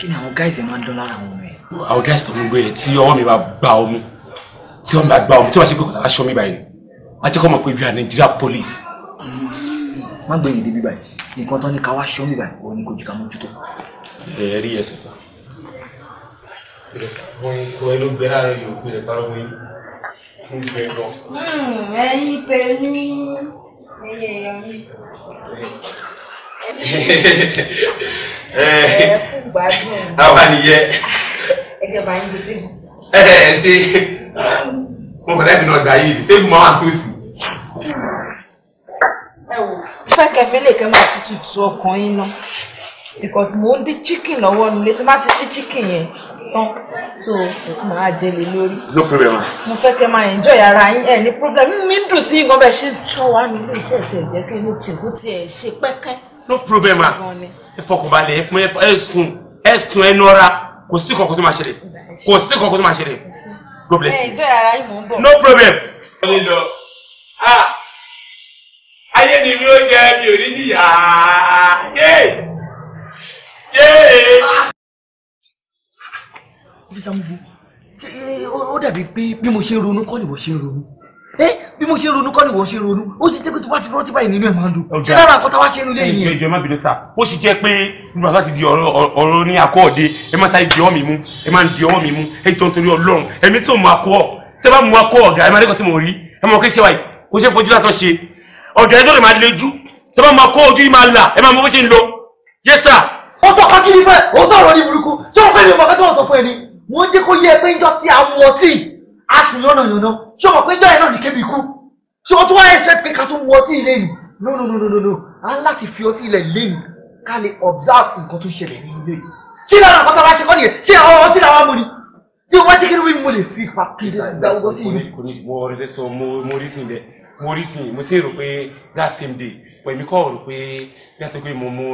kí ni àwọn guys ẹ máa ń dán lára àwọn ọmọ ẹ. àwọn guys tó ń gbé yẹn tí ọwọ́ mi bá gba ọmú tí ọwọ́ mi bá gba ọmú tí wọ́n ṣe pé kòtà aṣọ mi báyìí wọ́n á jẹ́ kó mọ̀ you are Nigeria police. má gbé yìí débi báyìí nǹkan tán ní ká wá aṣọ mi báyìí òun ni kò jù ká mójútó. ẹ ẹ rí ẹ sọ sá. wọ́n oúnjẹ lọ. ẹyin pẹ̀lú ẹyẹ ẹ̀yàn mi. ẹ kú gbádùn. àwa nìyẹn. ẹgbẹ́ bá ń gbé tébù. ẹ ẹ ṣe mo kàn láti lọ gbà yìí tébù máa wà tó sí. ẹ wò fẹ́ kẹfẹ́ lè kẹ́ máa tutù tu ọkàn yín náà because mo ń dín chicken lọ́wọ́ nílé tí má ti dín chicken yẹn tán so kò tí màá délé lórí. no problem ma. mo fẹ́ kẹ́ máa enjoy ara yín ẹ̀ ní problem mi ń dùn sí nǹkan bẹ́ẹ̀ ṣe tọ́ wa nílé tẹ̀tẹ̀ jẹ́ kí inú tìǹkù tiẹ̀ ṣe pẹ́kẹ́. no problem ma ẹ fọkànbalẹ̀ ẹ fún ẹ sùn ẹ sùn ẹ nọra kò sí kọ̀ọ̀kan tó máa ṣẹlẹ̀ kò sí kọ̀ọ̀kan tó máa ṣẹlẹ̀ god bless you. enjoy ara yín mò ń bọ̀. no problem. ayé ni mi ò jẹ mi ò ní jìyà. Officer Mugu ó dàbí pé bí mo ṣe ń ronú kọ́ ni wọ́n ṣe ń ronú bí mo ṣe ń ronú kọ́ ni wọ́n ṣe ń ronú ó sì jẹ́ pé tó bá ti rántí báyìí nínú ẹ̀ máa ń dùn ṣé lára àkọ́tà wá ṣe ń lé yìí. ẹ jọ̀ọ́ ẹ má bínú sá ó sì jẹ́ pé nígbà láti di ọ̀rọ̀ ní akọ́ọ̀dẹ ẹ má sáré di ọwọ́ mi mú ẹ má di ọwọ́ mi mú ẹ jọ nítorí ọlọ́run ẹ̀mí tó mú akọ́ tẹ́ bá mú akọ́ ọ̀gá ẹ má rẹ́kọ̀ tí mo rí ẹ mọ̀ kí ṣe wáyé kò ṣe fojú lásán ṣe ọ̀gá wọ́n jẹ́ kó yẹ pé njọ́ tí a mọ̀ tí a sì yànnà yànnà ṣé o mọ̀ pé njọ́ yẹn náà ní kébì kú ṣé o tún wá expect pé ká tún mọ̀ ọtí ilé yìí no no no no no a ń láti fi ọtí ilẹ̀ lẹ́yìn ká lè observe nǹkan tó ṣẹlẹ̀ ní ilé yìí sí lára nǹkan a bá ṣe kọ́ nìyẹn ṣé àwọn ọtí làwọn amúni tí wọ́n jẹ́ kí ni mo lè fi ipa kí n dá ọgbọ́n sí ìlú. mo rí sí mo rí sí mo sì rò pé that same day pọ̀ èmi kọ́ rò pé bí a tó pé mo mú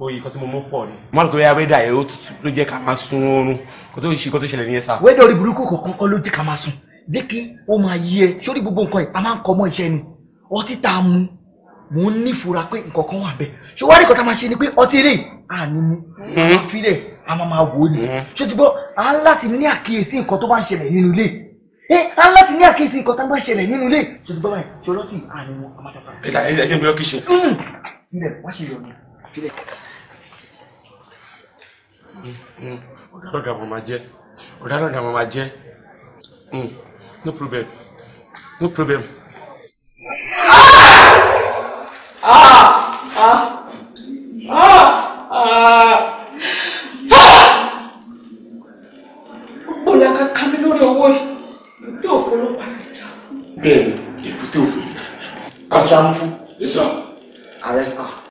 oyè kan tí mo mú pọ̀ ni. mo rò pé awédà yẹn ó tutù ló jẹ́ ká máa sun oorun kó tó ṣe kó tó ṣẹlẹ̀ nìyẹn sá. wẹ́dà orí burúkú kọ̀ọ̀kan kọ́ ló jẹ́ ká máa sùn jẹ́ ó máa yí ẹ sórí gbogbo nǹkan yìí a máa ń kọ́ ọmọ iṣẹ́ ni ọtí tá a mu mò ń nífura pé nǹkan kan wà bẹ́ẹ̀ ṣé wàá a máa ṣe ni pé ọtí rè àní mu àfilẹ̀ a máa máa wò ó ni mm-hmm. ṣé ti à ń láti ní àkíyèsí nǹkan tó bá ń ṣẹlẹ̀ nínú ilé a láti ní àkíyèsí nǹkan tá a bá ṣẹlẹ̀ nínú ilé ṣòtú bàbá yìí ṣòro láti àárín wọn a máa dábàá. ẹ ẹ ẹ jẹ́ mi lọ kí ṣe. ilẹ̀ mm-hmm. wá ṣe yọ̀ ni. ọ̀gá lọ́dà mo máa jẹ́ ọ̀gá lọ́dà mo máa jẹ́ mm, no problem no problem. ah ah ah ah. Olha, Camilo, olha, olha. Ndị ofolo bẹ́ẹ̀ ni èbúté òfin. Ọjà ń fún. Yes sir.